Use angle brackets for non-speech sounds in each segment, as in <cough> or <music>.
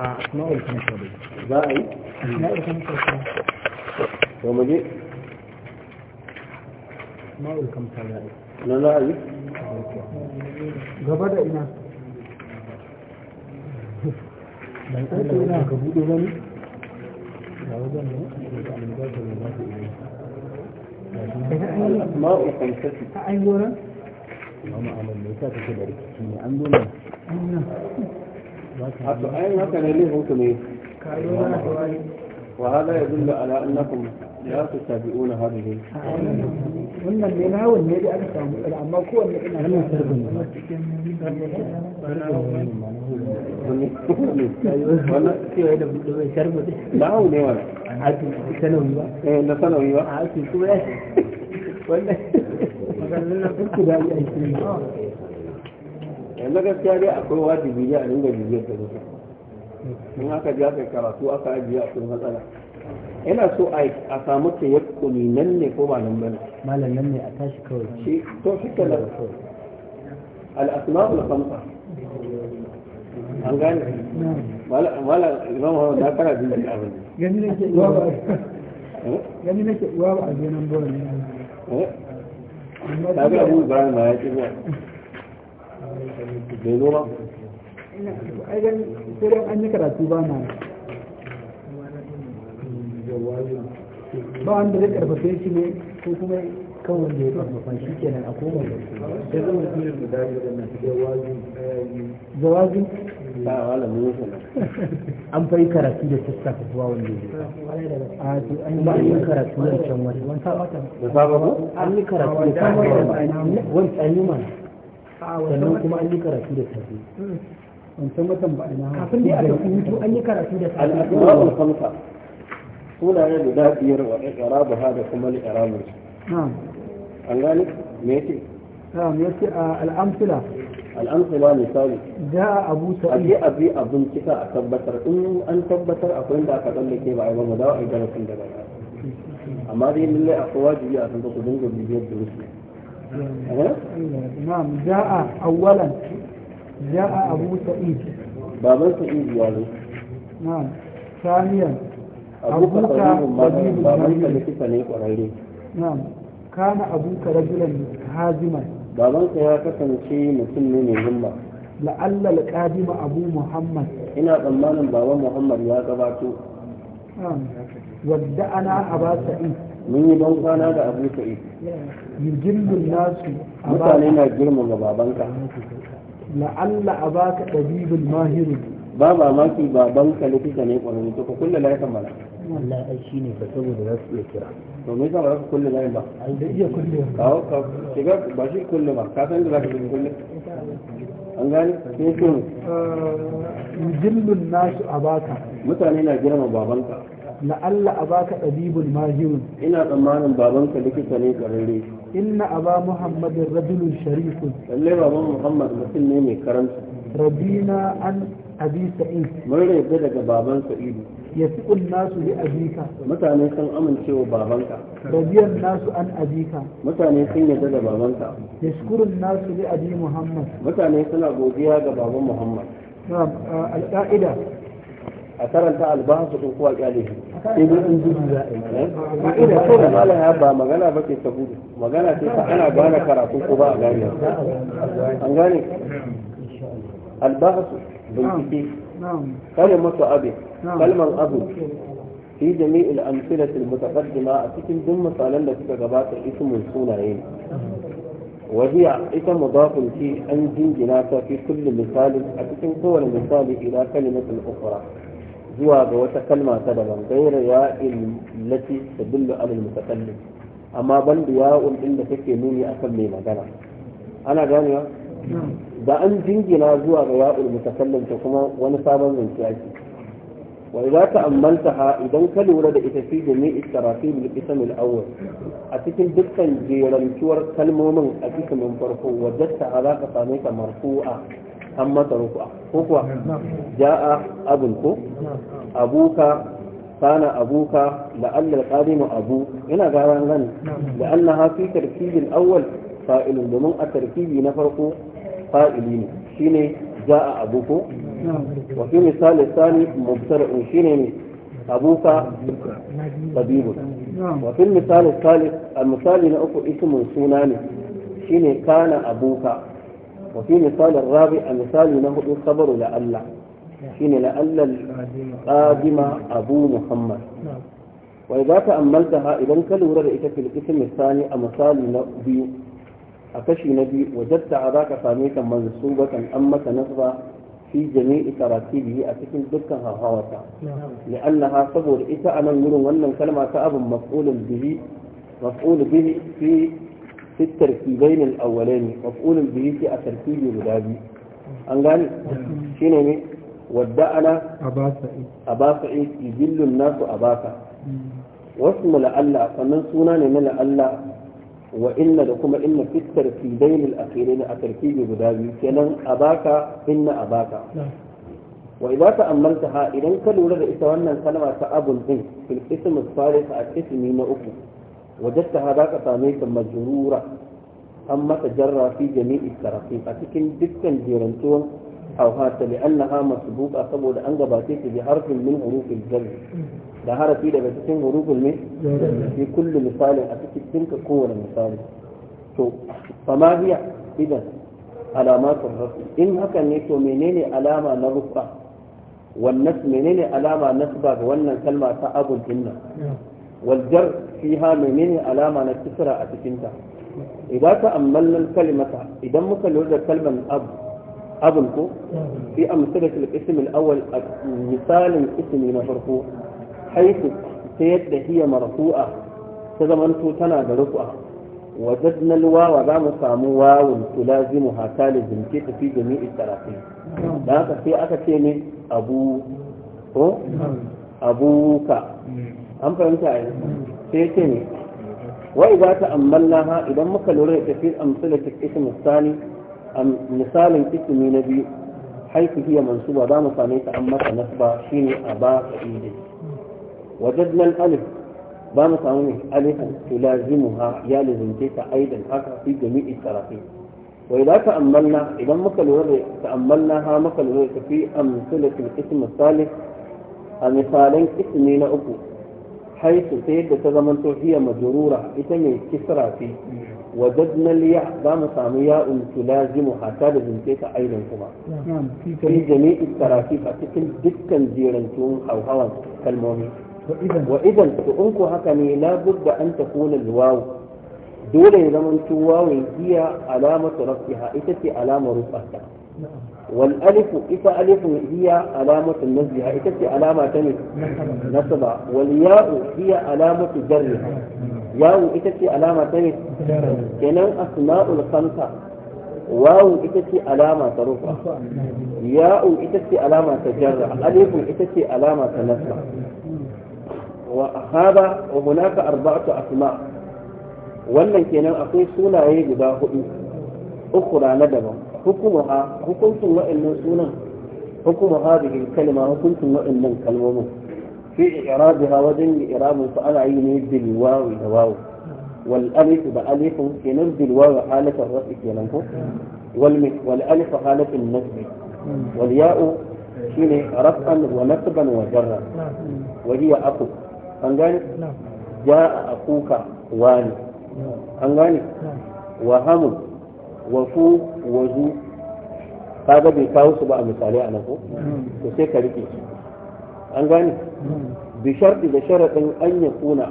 a asma'ul kamsa dai za a gaba ina ban kalla ina ka bude wani ga wajen da alibata da za ba da a ne laifin ne wa ya dilla ala annakum la tattabi'una na eh, kuma <laughs> yanzu gaskiya dai akwai wajibi ne a dinga bibiyar da mutum in aka ji aka karatu aka ajiye akwai matsala yana so a samu ta yi kuni nan ne ko ba nan ba ne malam nan ne a tashi kawai shi to shi ke nan al'asma'ul khamsa an gane malam imam hawa na kara biyu da abin gani nake uwa ba gani nake uwa ba a jenan bora ne ta ga abu ibrahim ma ya ce ba an karatu wanda zai karfafe shi ne ko kuma kawai da ya karfafa shi a koma da sai zama filin guda da nasu ba a wala an fari karatu da sassafe zuwa wanda ya a an yi yin karatu da can wani wani sabata an yi karatu da wani wani mana sannan kuma an yi karatu da safe wancan hmm. watan ba na kafin da aka hutu an yi karatu da safe al-asma'ul khamsa sunaye da biyar wa i'rabu da kuma li'rabu na'am an gani me yake na'am yace al-amsila al-amsila misali da abu sa'id a abi abun kisa a tabbatar in an tabbatar akwai da aka tsallake ba a yi ba mu dawo a yi darasin da ba amma dai lallai akwai wajibi a san ku dinga bibiyar da musu نعم جاء أولا جاء أبو سعيد بابا سعيد ya نعم ثانيا أبوك رجل جميل نعم كان أبوك رجلا هازما بابا يا كسن شيء مسلم من همة لعل القادم أبو محمد هنا ضمانا بابا محمد يا كباتو نعم ودعنا أبا سعيد mun yi ban kwana da abu ka yi yujillun nasu mutane na girmama babanka la'alla a baka ɗabibin mahiru ba ba maki babanka likita ne ƙwararru to ka kulle mana wallahi ai shine saboda za su iya kira to me yasa ba za ka kulle layin ba da iya kulle ka shiga ba shi kulle ba ka san da za ka kulle an gane yujillun nasu a baka mutane na girmama babanka na Allah a baka ɗabibul mahirun. Ina tsammanin babanka likita ne ƙarare. Inna aba Muhammadin rajulun sharifun. Lalle baban Muhammad mutum ne mai karanta. Rabina an abi sa'i. Mun rayu daga baban sa'idu. Ya nasu bi abika. Mutane sun amincewa babanka. Rabiyan nasu an abika. Mutane sun yarda da babanka. Ya nasu bi abi Muhammad. Mutane suna godiya ga baban Muhammad. Al-ƙa'ida. أثر أنت على بعض القوى الآلهة إذا أنزل دائما إذا كنا ما لها أبا ما قال أبك يتفوض ما قال أتيك أنا أبانا كراتو قوى الآلهة أنغاني البعض بالكتير قال ما أبي كلمة أبي نعم. في جميع الأمثلة المتقدمة أتكم ضمن صالة التي تقبات اسم الصونعين وهي إذا مضاف في أنجين جناسة في كل مثال أتكم قول المثال إلى كلمة أخرى zuwa ga wata kalma ta daban gairar ya'il lati tadullu alal mutakallim amma ban da ya'un din da take nuni akan mai magana ana ganewa da an jingina zuwa ga ya'ul mutakallim ta kuma wani sabon zance ake wa idza ha idan ka lura da ita fi jami'i tarafi bil qism al awwal a cikin dukkan jerantuwar kalmomin a cikin farko wajadta alaka same ta marfu'a an masa ruku'a ko kuwa ja'a abun ko abuka kana abuka la'alla al-qadimu abu ina ga ran gani la'alla ha fi tarkibil awwal fa'ilun domin a tarkibi na farko fa'ili ne shine ja'a abuko wa fi misali sani mubtara'un shine ne abuka tabibun wa fi misali salis al-misali na uku ismun sunani shine kana abuka وفي مثال الرابع مثال له صبر لألا حين لألا القادم أبو محمد وإذا تأملتها إذا كالورة رأيت في القسم الثاني أمثال نبي أكشي نبي وجدت عذاك ساميكا منصوبة أمك نصبة في جميع تراتيبه أتكن دكها هواتا لأنها صبر إتا أنا نقول أن الكلمة أب مفعول به مفعول به في في التركيبين الأولين مفعول به في التركيب الغدابي أن قال شنو ودعنا أبا سعيد أبا سعيد يذل الناس أباك واسم لألا فمن سنان من لألا وإن لكم إن في التركيبين الأخيرين التركيب غدابي كان أباك إن أباك وإذا تأملتها إذا كان ولد إسوانا كلمة أب في الاسم الثالث الاسم نؤكد wajadtaha za ka same ta majrura an mata jarra fi jami'i tarafi a cikin dukkan jerantuwan auhata li'annaha masbuqa saboda an gabace ta bi harfin min hurufil jar da harafi daga cikin hurufin ne fi kullu misalin a cikin dinka kowane misali to fama hiya idan alamatul rafi in haka ne to menene alama na rufa wannan menene alama nasba ga wannan kalma ta abun dinnan والجر فيها منين علامة نكسر أتكنتا إذا تأملنا الكلمة إذا مكلمة كلمة أب أبنكو في أمثلة الاسم الأول مثال اسم نفرقو حيث تيد هي مرفوعة تزمنتو تنا برفعة وجدنا الواو ذا مسامو واو تلازمها تالزم كيف في جميع التراقيم ذاك في أكتين أبو أبوك an fahimta a sai ce ne wai za ta ammalna ha idan muka lura da tafi amsalatik ism misali misalin ismi na biyu haifu hiya ba za mu same ta an masa shi ne a ba ka wajen wajadna alif ba mu samu ne alifan tulazimuha ya lazimce ta aidan haka fi jami'i sarafi وإذا تأملنا إذا مكل da تأملناها مكل ورد في أمثلة a misalin مثالين اسمين أبو haisu ta yadda ta zama jiya majurura ita mai kisra fi wajadnal ya za mu samu ya umtu lazimu hata da zince ta kuma fi jami'i tarafi a cikin dukkan jiran tun hauhawan kalmomi wa idan to in ko haka ne la budda an takuna alwaw dole ya zama tuwawin hiya alamatu rafiha ita ce alamar rufata والألف إذا ألف هي علامة النزلها إذا علامة تنس نصبة والياء هي علامة جرها ياء إذا علامة تنس كنا أسماء الخمسة واو إتتي علامة رفع ياء إتتي علامة جر ألف إتتي علامة نصب وهذا وهناك أربعة أسماء wannan kenan akwai sunaye guda hudu ukura na daban hukumuha hukuncin wa'annan sunan hukumu hadhihi kalma hukuncin wa'annan kalmomin fi i'rabiha wajen irabun su ana yi ne bil wawi da wawu wal alif ba alif kenan bil wawi halatar rafi kenan ko wal wal alif halatin nasb wal ya'u shine rafan wa nasban wa jarra wa hiya aku an gane ja'a akuka wani an gane wa hamun wa ku wa zu kaga bai kawo su ba a misali a nan ko to sai ka rike shi an gane bi sharti da sharadin an ya kuna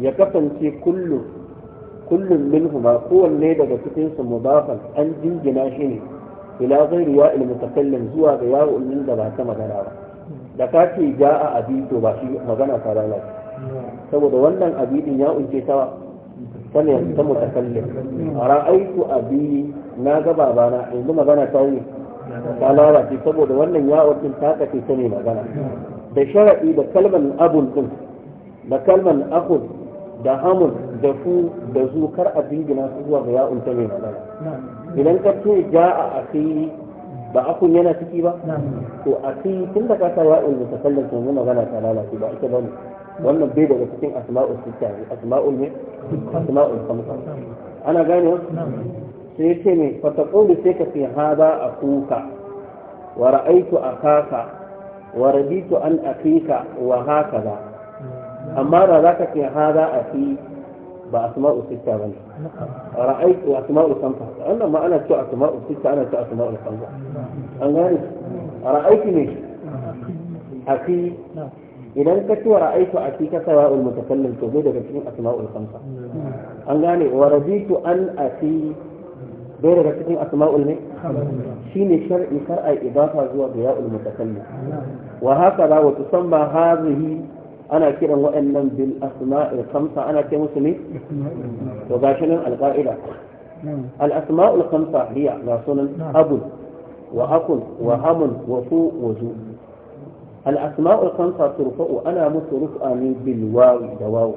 ya kasance kullum kullum minhuma kowanne daga cikin su mudafan an jingina shi ne ila ya il mutakallim zuwa ga yawo din da ba ta magana ba da ka ce a abi to ba shi magana ta lalace saboda wannan abidin ya unce ta wani yanzu ta mutakallim ra'aitu abi na ga babana yanzu magana ta yi ta lalace saboda wannan ya din ta kace ta ne magana da sharadi da kalman abun din da kalman akun da hamun da fu da zu kar a dingina su zuwa ga ya'un ta mai magana idan ka ce ja a asiri ba akun yana ciki ba to asiri tun da ka sa ya'un mutakallin ta magana ta lalace ba ita ba ne wannan bai daga cikin asma'ul sita ne asma'ul ne asma'ul samsa ana gane sai ce ne fataqulu sai ka fi hada akuka wa ra'aytu akaka wa raditu an akika wa hakaza amma da ka ce hada aki ba asma'ul sita bane ra'aytu asma'ul samsa wannan ma ana cewa asma'ul sita ana cewa asma'ul samsa an gane ra'aytu ne a fi. idan ka tuwa ra'aitu a fi kasa wa ulmutakallim to zai daga cikin asma'ul khamsa an gane wa rabitu an a ci bai daga cikin asma'ul ne shine shar'i shar'a idafa zuwa ga ya ulmutakallim wa haka za wa tusamma hazihi ana kiran waɗannan bil Asma'ul khamsa ana ce musu ne to gashi nan alqa'ida al asma'ul khamsa hiya ga sunan abun wa akun wa amun wa fu wa zu ana musu ترفع أنا مترفع من بالواو دواو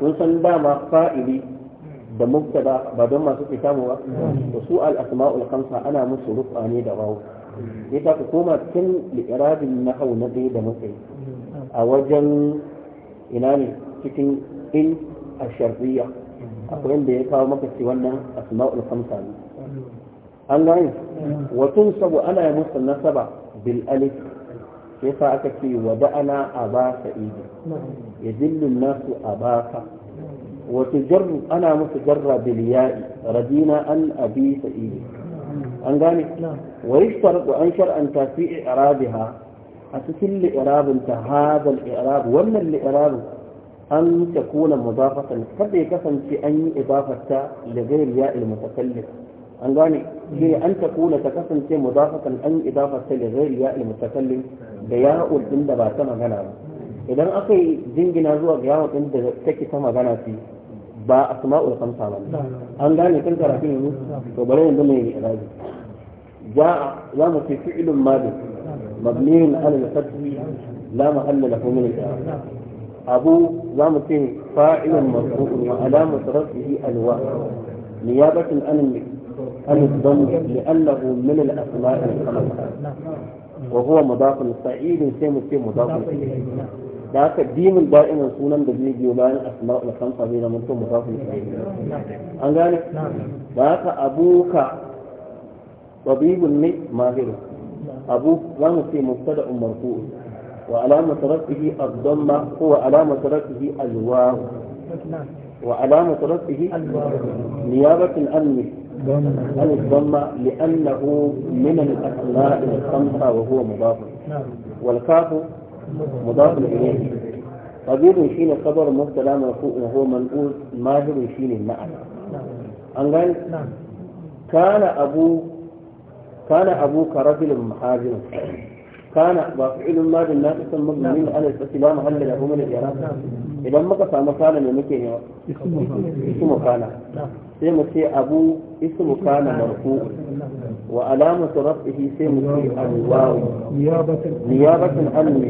ونسان داما fa'ili da mubtada ba don masu fitamu ba da su al-asma'ul ana musu rufa ne da wawo ya ta ku koma cikin na hau na ɗaya da matsayi a wajen ina ne cikin in a shar'iyya akwai inda ya kawo maka ce wannan asma'ul khamsa ne an gane wa tun sabu ana musu nasaba bil alif sai fa aka ce wa ba'ana a ba ka ido ya zillin nasu a ba ka wata jarru ana musu jarra biliyai radina an abi sa ido an gane wa yi an shar'anta fi i'rabiha a cikin li'irabin ta hadal i'rab wannan li'irabin an kuna mudafatan kada ya kasance an yi idafarta da gairiya il an gane an ta kula ta kasance mudafatan an idafata li ghairi ya al mutakallim da ya'ul din da ba ta magana ba idan aka yi jingina zuwa ga ya'ul din da take ta magana ce ba asma'ul khamsa ba an gane kan karatu ne to bari yanzu mai rabi جاء لام في فعل ماضي مبني على الفتح لا محل له من mu أبو لام فاعل مرفوع وعلامة رفعه الواو نيابة عن الاسبن لانه من الاسماء الخمسه وهو مضاف سعيد سيم سيم مضاف اليه da aka dimin da'inan sunan da zai biyo bayan asma na kansa zai zama to mutafi ne an gane da aka abuka tabibun ne mahiru abu za mu ce mustada umar ku wa alama tarafihi abdullah ko wa alama tarafihi alwahu wa alama tarafihi niyabatin almi أو الضمة لأنه من الأسماء الخمسة وهو مضاف نعم. والكاف مضاف إليه قدير يشين الخبر مبتلى مرفوع وهو منقول ماهر يشين المعنى نعم. أن نعم. قال كان أبو كان أبوك رجل محاجر كان وفعل ما بالناقص المضمون على الاستسلام هل له من الإرادة إذا ما قصى مكانا يمكن اسمه كان سيما في أبو اسم كان مرفوع وعلامة رفعه سيما في الواو نيابة عن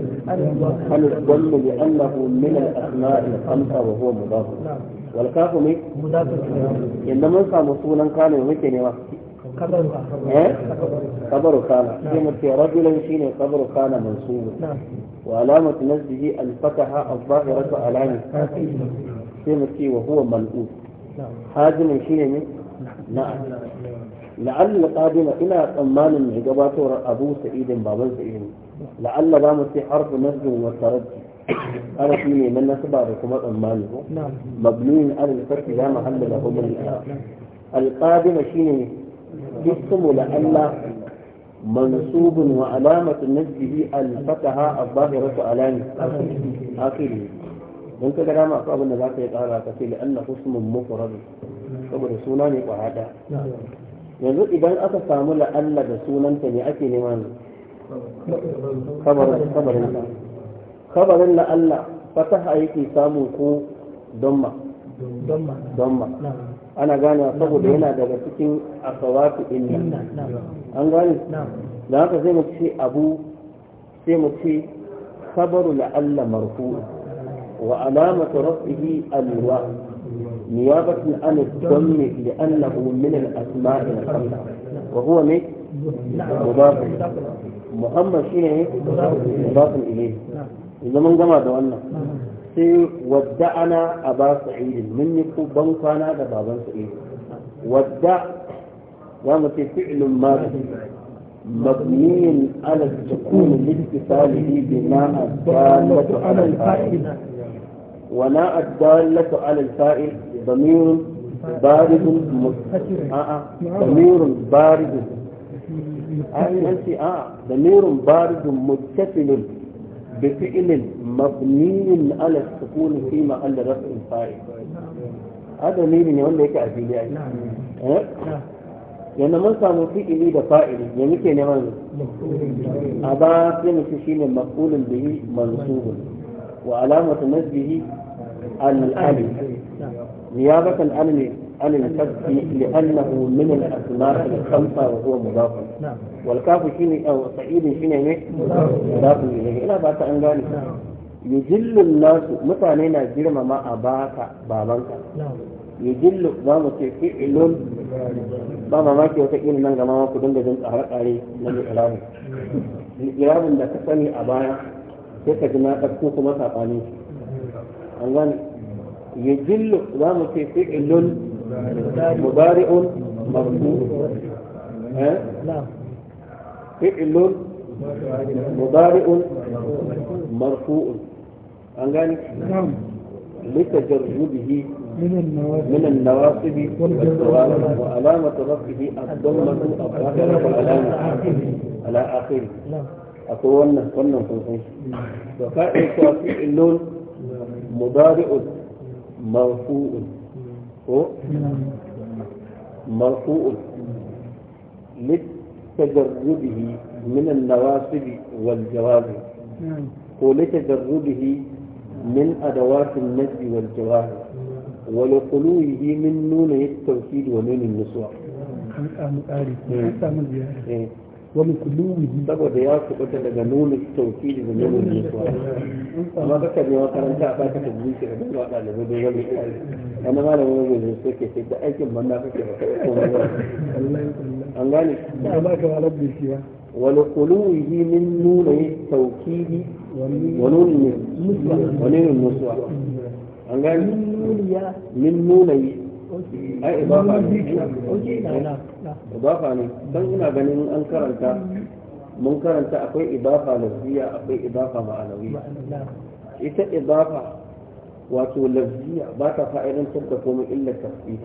عن الضم بانه من الأسماء الخمسة وهو مضاف والكاف مي إنما كان مصونا كان يمكن قبر إيه؟ كان سيما في رجل شين قبر كان منصوب وعلامة نزله الفتحة الظاهرة على سيما وهو ملؤوس قادم شيني نعم لعل قادم الى امان من هجبات ابو سعيد بابا سعيد لعل ما في حرف نزل وترد انا في من نسبه بكم نعم مبني على الفتح لا محل له من القادم شيني جسم لعل منصوب وعلامه نزله الفتحه الظاهره على اخره don ka gada masu abin da za ka yi tsara ka ce li'anna husmun mufrad saboda suna ne kwahada yanzu idan aka samu la'alla da sunanta ne ake nema ne kabarin kabarin la kabarin la'alla fataha yake samu ko donma donma ana gane saboda yana daga cikin asawatu inna an gane da haka sai mu ce abu sai mu ce kabaru la'alla marfu'a وعلامة ربه أنواع نيابة عن السم لأنه من الأسماء الخمسة وهو من مضاف محمد شيء مضاف إليه إذا من جمع دوانا سي ودعنا أبا سعيد من يكون yi ban بن سعيد ودع وما في فعل ما مبني على السكون لاتصاله بما الدالة على الفائدة ولا الدالة على الفائل ضمير بارد آه، آه. ضمير بارد آه، ضمير بارد متصل بفعل مبني على السكون في محل رفع الفاعل هذا مين يقول لك عزيز يعني fili ai yana mun samu fi'ili da fa'ili ya muke neman a ba sai mu shi ne bihi mansubun وعلامة نسبه الألم نيابة عن عن الكف لأنه من الأسماء الخمسة وهو مضاف نعم. والكاف شيني أو سعيد شيني مضاف إليه إلى بعد أن قال يجل الناس متعنينا جرم ما أباك بابنك نعم. يجل ضام فعل ba ما كي irin من gama ku جنس أهرق عليه من الإعلام الإعلام لا تسمي ka sai ka ji na ɗauko kuma saɓanin shi an gane ya jillu za mu ce fi'ilun mubari'un marfu fi'ilun mubari'un marfu'un an gane لتجرده من النواصب والجوارح وعلامة رفعه الضمة الظاهرة على آخره akwai wannan wannan sunsun da fa’in kuwa fi mubari'un marfu'un ko marfu'un lita jarrubihi minan nawasibi wal jawabi ko lita jarrubihi min adawatin nasbi wal jawabi wani kuluhi min nuna yi tausidi wa nunin nasuwa ومن كلهم يجيبوا ديات وقلت لك نون التوكيل من نون الاخوان ما بك اني وقال انت عباك تبليك ربما وقال لك نون الاخوان انا ما لم يجب ان يسوك يا سيدة اي كم من نافك انغاني اباك على ابن سيا ولقلوه من نون التوكيل ونون النسوة ونون النسوة انغاني من نون يا من نون ai idafa ne idafa ne don ina ganin an karanta mun karanta akwai idafa lafiya akwai idafa ma'anawiya ita idafa wato lafiya ba ta fa'idantar da komai illa tafi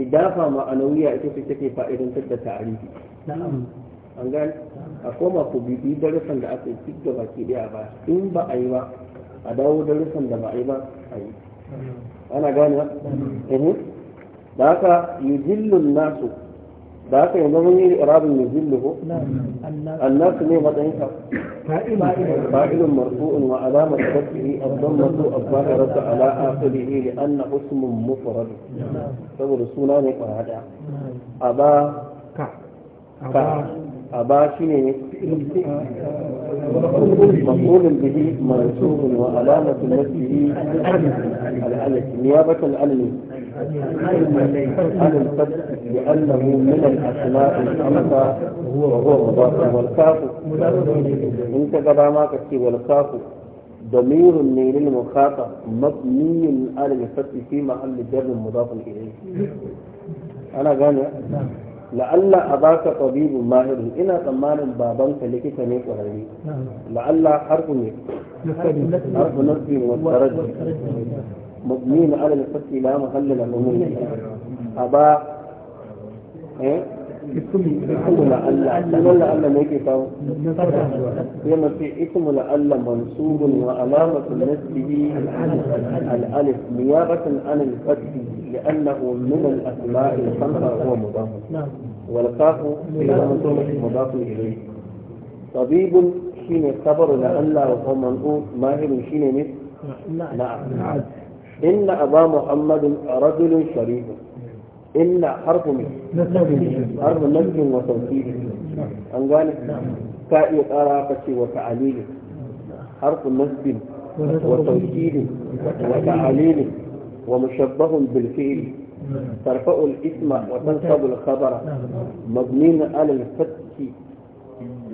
idafa ma'anawiya ita ce take fa'idantar da tarihi an gani a koma ku bibi darussan da aka yi duk da baki daya ba in ba a yi ba a dawo darussan da ba a yi ba a yi ana gane ba da haka yujillun nasu da haka yanzu mun yi irabin yujillu ko annasu ne matsayin ka fa'ilun marfu'un wa alamar tabbiri abdan masu abbaka rasa ala akhirihi li anna usmun mufrad saboda suna ne kwaya a ba ka أبا شنو به منسوب وعلامة نفسه العلم نيابة عن عن الفتح لأنه من الأسماء الخمسة وهو مضاف والكاف أنت كذا ما تكتب والكاف ضمير النيل المخاطب مبني على الفتح في محل جر مضاف إليه أنا قال la'alla a ba tabibin mahirin ina tsammanin babanka likita ne ƙwararre la'alla harfu ne harfu na wa taraji mabni na alal fasi la muhallil al-umuri aba eh اسم لعل لعل ما يجي لعل منصوب وعلامة نسبه الألف نيابة عن الفتح لأنه من الأسماء الخمسة هو مضاف والكاف مضاف إليه طبيب شيني خبر لعل وهو منقول ماهر شيني مثل نعم إن أبا محمد رجل شريف illa harfin harfin nasirin wa sauki an gane ka iya tsara ka ce wa ta'alilin harfin nasirin wa sauki wa ta'alilin wa mushabbahun bilfi'i tarfa'u isma wa san sabul khabara mabnin alal fatki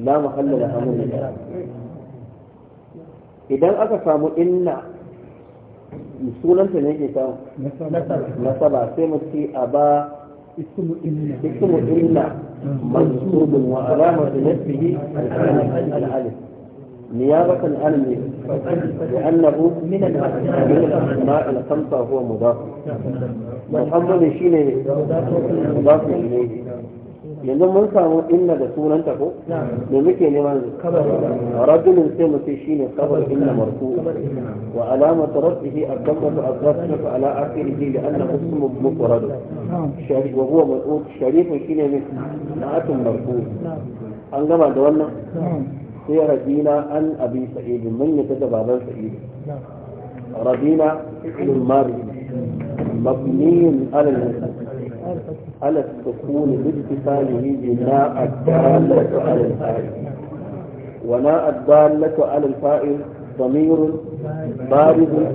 la mahalla da idan aka samu inna sunanta ne ke kawo nasaba sai mu ce a ba ismu illa mansubun wa alamatu nasbihi al-alif نيابة عن الميم لأنه من الأسماء الخمسة هو مضاف محمد شيني مضاف إليه yanzu mun samu inna da sunanta ko me muke neman rajulun sai mu ce shine kabar inna marfu wa alamat rafihi ad-dammatu az-zafiya ala akhirih li annahu ismun mufrad sharif wa huwa mas'ud sharif shine ne na'atun marfu an gama da wannan sai radina an abi sa'id mun yi da baban sa'id radina fi'lun madi mabniyun ala al-nasb على السكون باتصاله بناء الدالة على الفاعل وناء الدالة على الفاعل ضمير بارد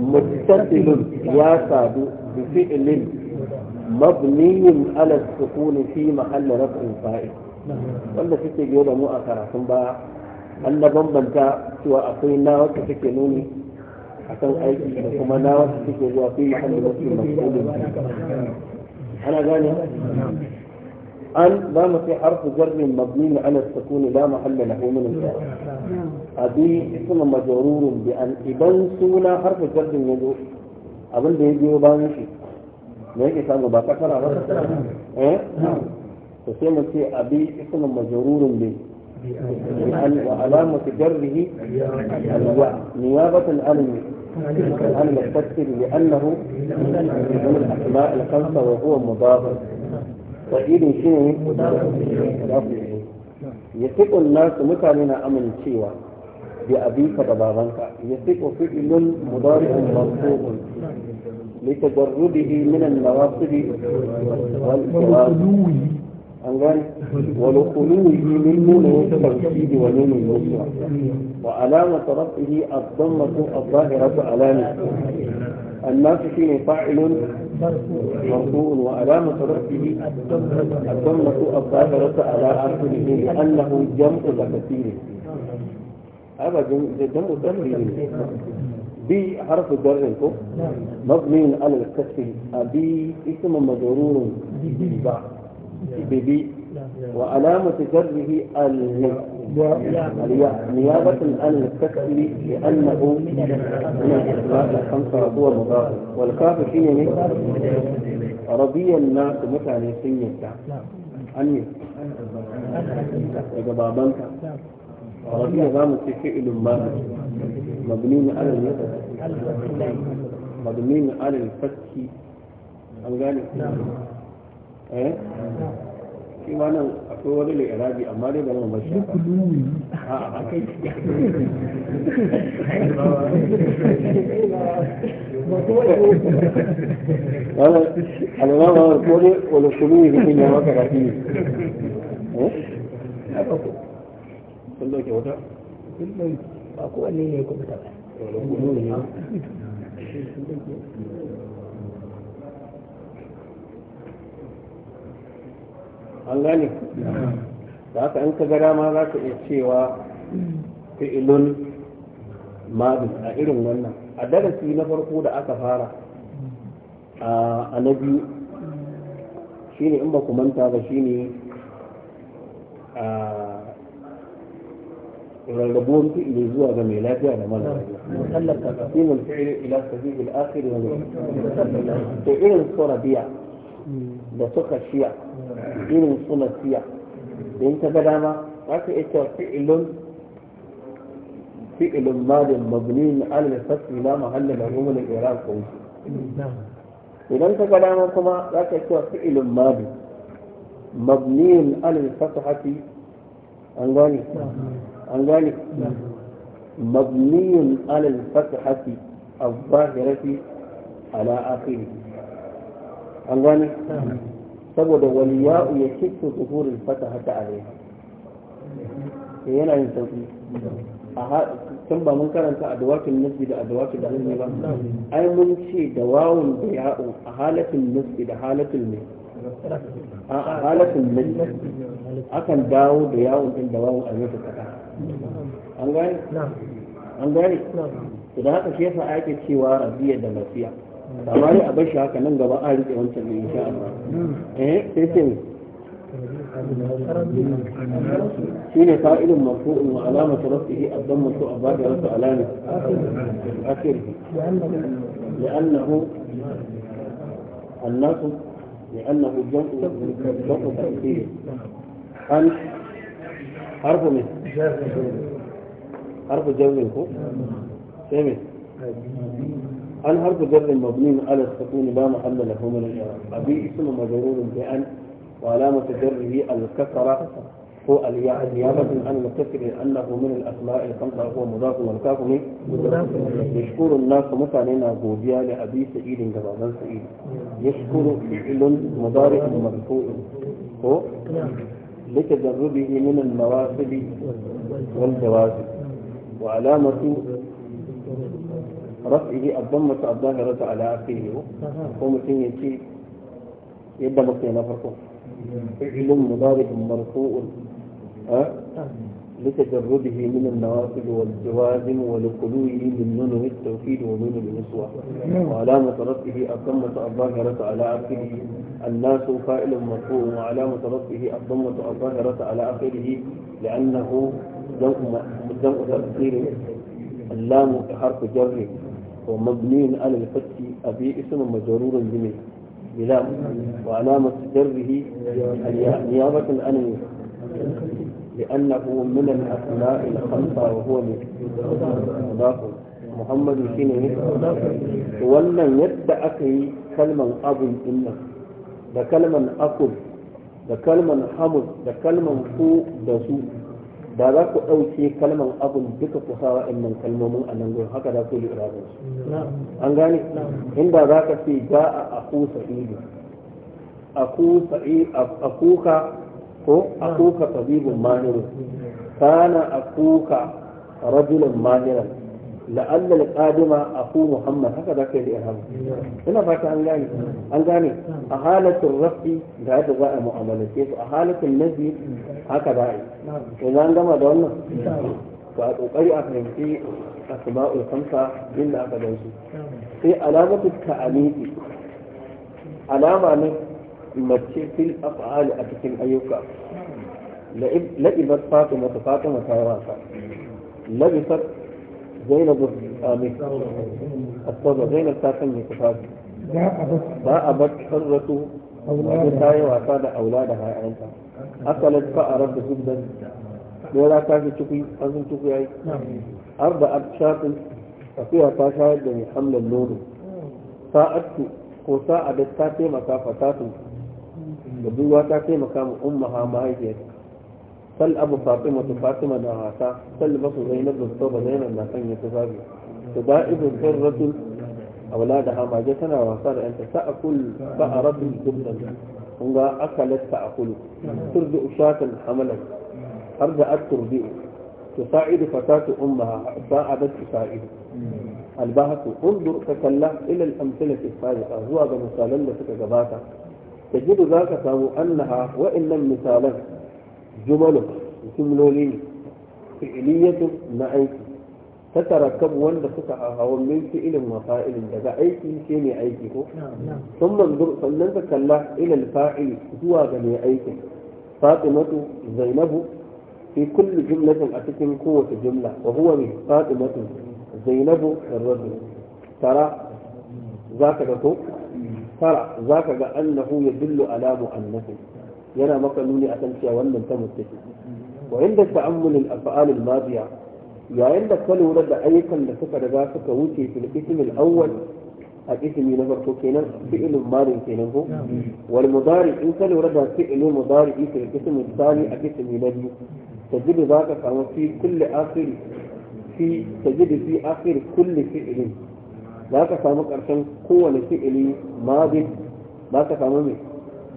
متصل يسعد بفعل مبني على السكون في محل رفع فاعل wanda suke biyo da mu a karatun ba an na bambanta cewa akwai na wata suke nuni a kan aiki da kuma na wata suke zuwa fi mahallin wasu masu ana gane an za mu sai harfu jarrin mabni ala sukuni la mahalla lahu min al abi ismu majrurun bi an idan suna harfu jarrin yazo abin da ya biyo bayan shi me yake samu ba kasara ba eh to sai mu abi ismu bi وعلامة جره الواء نيابة عن عن المفسر لأنه من الأسماء الخمسة وهو مضاف وإذا شيء مضاف يثق الناس متعنين أمن شيوا بأبيك ببابنك يثق فعل مضارع مرفوض لتجرده من النواصب والقرآن أنجل ولخلوه من نون التوحيد ونون النصرة وعلامة ربه الضمة الظاهرة على الناس النافخ فاعل مرفوع وعلامة ربه الضمة الظاهرة على عقله لأنه جمع ذكرين هذا جمع جمع بي حرف الجر مضمون على الكسر أبي اسم مجرور ببي وعلامة جره الياء نيابة عن تكفي لأنه من الأسماء الخمسة هو مضاف والكاف شيء رضي الناس متعني سنة أني إذا بابنك رضي غام فعل ما مبني على الفتح مبني على الفتح أم قال eh shi ma nan akwai wani mai arabi amma dai bari mu a kai alama ma ko ne kin ya maka rafi ne eh? sun dauke wata ba ne ba an gane da haka an ka ga dama za ka iya cewa fi'ilun madu a irin wannan a darasi na farko da aka fara a na biyu shine in ba ku manta ba shine a rarrabuwan fi'ili zuwa ga mai lafiya da mara lafiya fi'ili ila akhir wa irin su da suka shiya irin suna siya da yin tabbada ma za ka ita fi'ilun fi'ilun mabini mabinin alina sassi na mahalli na rumunin iran kawai idan ka ga dama kuma za ka ita fi'ilun madin mabinin alina sassi haki an gani an gani mabinin alina sassi haki da zahirafi ala akiri an gani saboda wani ya'u ya kitso zuhurin fata hata alaiha eh, yana yin sauki a can ba mun karanta adawatin nufi da adawatin da alimi ba ai mun ce da wawun da ya'u a halatin nufi da halatin ne a halatin nasbi akan dawo da yawon din da wawun a mata kaka an gane an gane idan haka shi yasa ake cewa rabiya da lafiya ba a bar shi haka nan gaba a rike wancan ne insha Allah eh sai sai shi ne fa'ilun mafu'un wa alamatu rafihi abdan rasu alani akhir li'annahu annahu li'annahu jam'u jam'u ta'kid an sai أن حرف جر مبني على السكون لا محل له من الإعراب أبي اسم مجرور بأن وعلامة جره الكسرة هو الياء نيابة عن المتكر أنه من الأسماء الخمسة هو مضاف والكاف يشكر الناس مثلنا غوديا لأبي سعيد جبابا سعيد يشكر فعل مضارع مرفوع هو لتجربه من النواسب والجواز وعلامة رفعه الضمة الظاهرة على آخره ومتين يتي يبدأ مقينا فرقه فعل مضارع مرفوع أه؟ لتجرده من النوافل والجوازم ولخلوه من نون التوكيد ونون النسوة وعلامة رفعه الضمة الظاهرة على آخره الناس فاعل مرفوع وعلامة رفعه الضمة الظاهرة على آخره لأنه جمع تأثير اللام حرف جر ومبنين على الفتح أبي اسم مجرور بمن بلا وعلامة جره نيابة عن لأنه من الأسماء الخمسة وهو من داخل محمد حين ولن يد أخي كلمة أب إن ده كلمة أقل حمد ده فوق ده da za ku ɗauke kalman abun duka ku sa wa'annan kalmomin a nan gurin haka za ku yi irabin su an gane inda za ka ce ga a aku sa'idu aku sa'i akuka ko akuka tabibun mahiru kana akuka rajulan mahiran لعل القادم أخو محمد هكذا كيف إرهاب هنا فات أن غاني أن غاني أهالة الرفع ذات غاء معاملة كيف أهالة النزل هكذا إذا عندما دولنا فأتقري أفهمتي أسماء الخمسة إلا أفدوسي في علامة التعليق علامة mace fil af'ali a cikin ayyuka la'ibat fatima ta fatima ta wasa labisat zainabu amin asaba zainab ta sanya tufafi ba'a a bar ta yi wasa da aula da hayanta asalat fa'arar da zubdan dora ta fi ciki an sun ciki yayi tafiya ta shayar da mai nono ko sa'a da ta taimaka fatatu da ta taimaka ma ummaha mahaifiyarta سل أبو فاطمة فاطمة fatima سل wasa زينب basu zainab da tsoba zainab na أولادها ما جتنا وصار أنت تأكل بأرة جبنا هنغا أكلت تأكل ترجع شاة حملت أرضعت ترضع تساعد فتاة أمها ساعدت تساعد الباحث انظر تكلا إلى الأمثلة السابقة هو هذا مثالا تجد ذاك أنها وإن لم مثالا jumalu jumloli ne fi'iliyatu na aiki ta tarakkabu wanda suka hawan min fi'ilin wa fa'ilin daga aiki shi ne aiki ko sun manzur sannan ka kalla ilal zuwa ga mai aiki fatimatu zainabu في كل جملة أتكن قوة جملة وهو من فاطمة زينب الرجل ترى ذاك ترى ذاك أنه يدل على مؤنث yana maka nuni akan cewa wannan ta mutake wa inda ta'ammul al af'al al-madiya yayin da ka lura da ayyukan da suka riga suka wuce fil ismi al-awwal a ismi na farko kenan fi'lun madi kenan ko wal mudari in ka lura da fi'lun mudari fil ismi al-thani a ismi na biyu تجد ذاك كما في كل آخر في تجد في آخر كل فعل ذاك كما كرشن قوة لفعل ماضي ذاك كما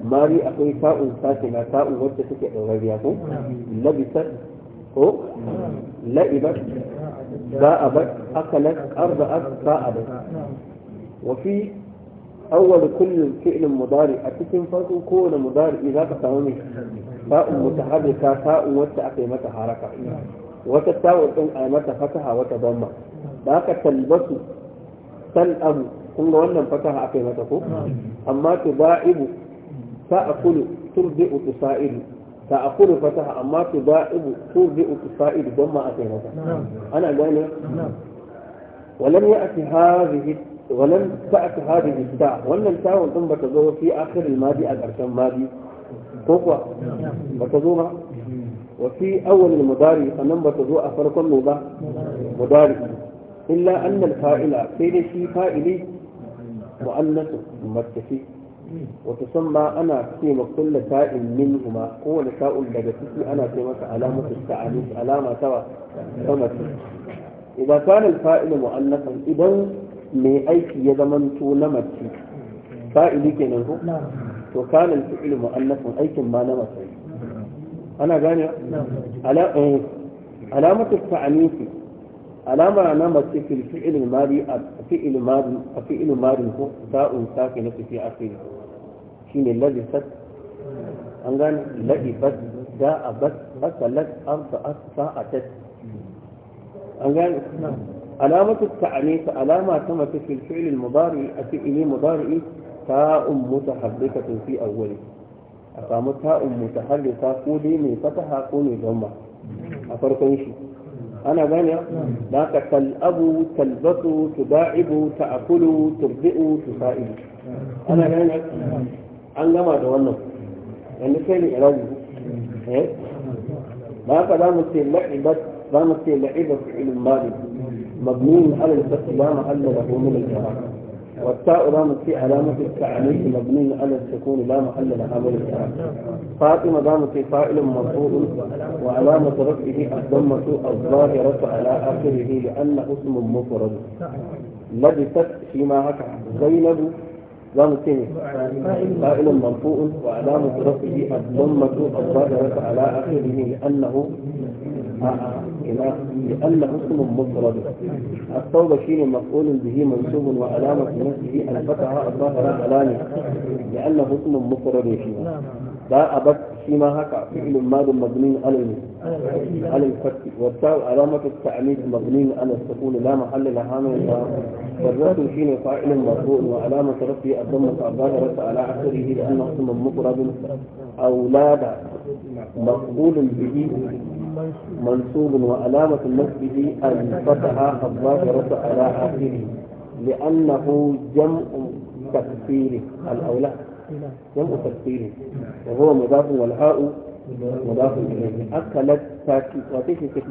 bari akwai sa'un sace na sa'un wacce suke ɗaurariya ko labisar ko la'ibar za a bar akalar arba'ar sa'adar wafi awwal kullum fi'lin mudari a cikin farko kowane mudari in za ka samu ne sa'un mutahabbata sa'un wacce aka yi mata haraka wata sa'un din a mata fataha wata bamba da aka talbatu tal'abu kun wannan fataha aka yi mata ko amma tuba'ibu تأكل ترضع تسائل تأكل فتح أما تضائب ترضع تسائل ضم أتينك أنا جاني ولم يأتي هذه ولم تأت هذه الساعة ولم تاون ثم تزور في آخر الماضي الأركان الماضي كوكوا بتزور وفي أول المضارع فنم بتزور أفرق النوبة مضارع إلا أن الفائلة سيدي في فائلي مؤنث مكتفي wata samma ana ce ma kulla ta'in min kuma kowane ta'un daga ciki ana ce masa alamatu ta'ani alama ta sama ce idan kana fa'ilu mu'allafan idan mai aiki ya zamanto na mace fa'ili kenan ko to kana fi'lu mu'allafan aikin ma na mace ana gane ala eh alamatu alama na mace fil fi'il madi a fi'il madi a fi'il madi ko ta'un sakinatu fi akhirih shine labisat an gane labisat da a basalat arda asfa a tat an gane alamatu ta'ani ta alama ta fil fi'l al mudari a fi'l al mudari ta um mutahaddika fi awwali a samu ta um mutahaddika ko dai fataha ko mai dama a farkon shi gane da ka talabu talbatu tudaibu ta'kulu turdi'u tusa'ibu ana gane an gama da wannan yanzu kai ne irabi eh ba ka za mu ce la'ibat za mu ce la'ibat fi'il madi مبنون على الفتح لا محل له من الكلام والتاء لام في علامة التعليق مبني على السكون لا محل لها من الكلام فاطمة لام في فاعل مرفوع وعلامة رفعه الضمة الظاهرة على آخره لأنه اسم مفرد لبست فيما هكذا زينب زام الثاني قائل منفوء وعلامة رفعه الضمة الظاهرة على آخره لأنه آه، لأنه اسم مفرد التوبة شين مفعول به منسوب وعلامة نفسه الفتحة الظاهرة على لأنه اسم مفرد شيء باء أبد فيما هكا فعل ماض مبني على على الفتح والتاء علامة التعميد مبني على السكون لا محل لها من والرسل حين فاعل مرفوع وعلامة رفعه الضمة الظاهرة على آخره لأنه اسم مقرب أولاد مقبول به منصوب وعلامة أن فتح الظاهرة على آخره لأنه جمع تكفيره الأولاد جمع تكسير وهو مضاف والهاء مضاف إليه أكلت ساكي وتيش سكي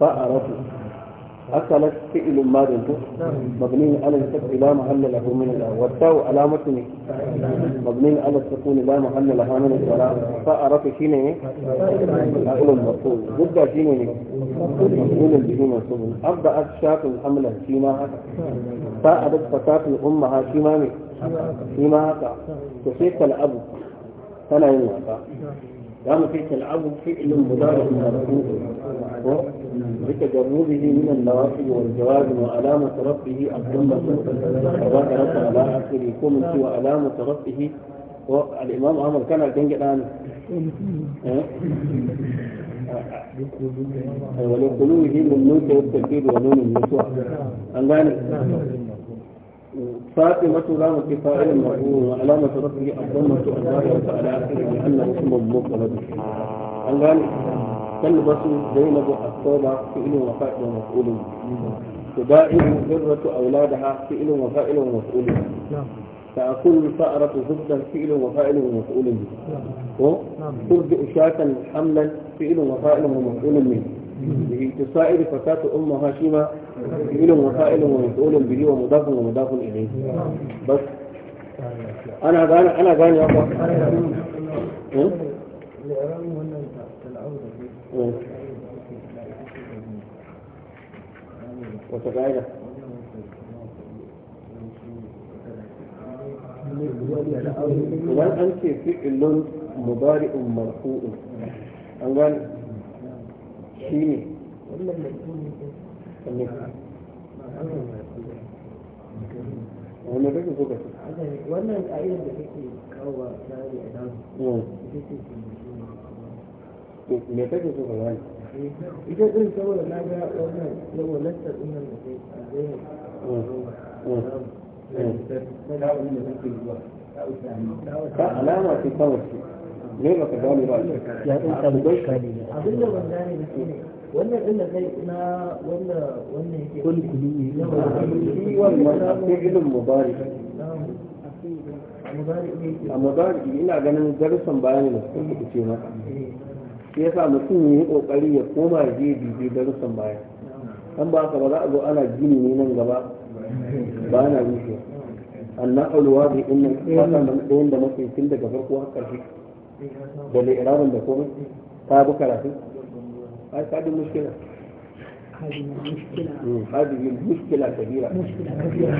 فأرسل أكلت فعل ماض مبني على الفتح لا محل له من الله والتاء علامة مبني على السكون لا محل لها من الكلام فأرف شينه أقول المرسول ضد شينه مقول به منصوب أبدأت شاة حملة شيماها فأدت فتاة أمها شيمامي شيماها تشيك الأب سنة ينوعها يا مفيش الأب فعل مضارع مرسول بتجنبه من النوافل والجواب وعلامة ربه الذمة وذكرت على أكل يكون سوى علامة ربه والإمام أحمد كان الجنج الآن أيوة، ولقلوه من نوت والتكيد ونون النسوة أنغاني فاطمة لا كفاء المرؤون وعلامة ربه الضمة الظاهرة على آخره لأنه اسم مفرد أنغاني فالكلمة زينب الصوبة فعل وفاعل ومفعول تباعد الهرة أولادها فعل وفاعل ومفعول تأكل الفأرة زبدا فعل وفاعل ومفعول ترجئ شاة حملا فعل وفاعل ومفعول به بإنتصائر فتاة أم هاشمة فعل وفاعل ومفعول به ومضاف ومضاف إليه بس أنا غاني أنا غاني أنا أخوان wata ƙa'ida idan an ce fi'ilun mubari'un marfu'un an gani shi ne wannan da kake kawo ba damu me kake so ka gane ita din saboda na ga wannan yawan lantar din da kai a zai mm, mm, mm. ka alama ce kawai ne ba ka gane ba ya ɗin ɗalibai ka ne abin da ban gane da shi ne wannan ɗin da kai na wanda wannan yake wani kuli ne shi wannan akwai ilin mubarak a mubarak ina ganin darussan bayani da suka kuɗi ce maka eh. shi sa mutum ya yi kokari ya koma ya je bibi darussan baya an ba ka ba za a zo ana gini ne nan gaba ba na rushe annan alwa da inna fata da ɗayan da mafi tun daga farko har ƙarshe da lairabin da komai ta bi karatu ai ka bi mushkila هذه المشكلة كبيرة مشكلة كبيرة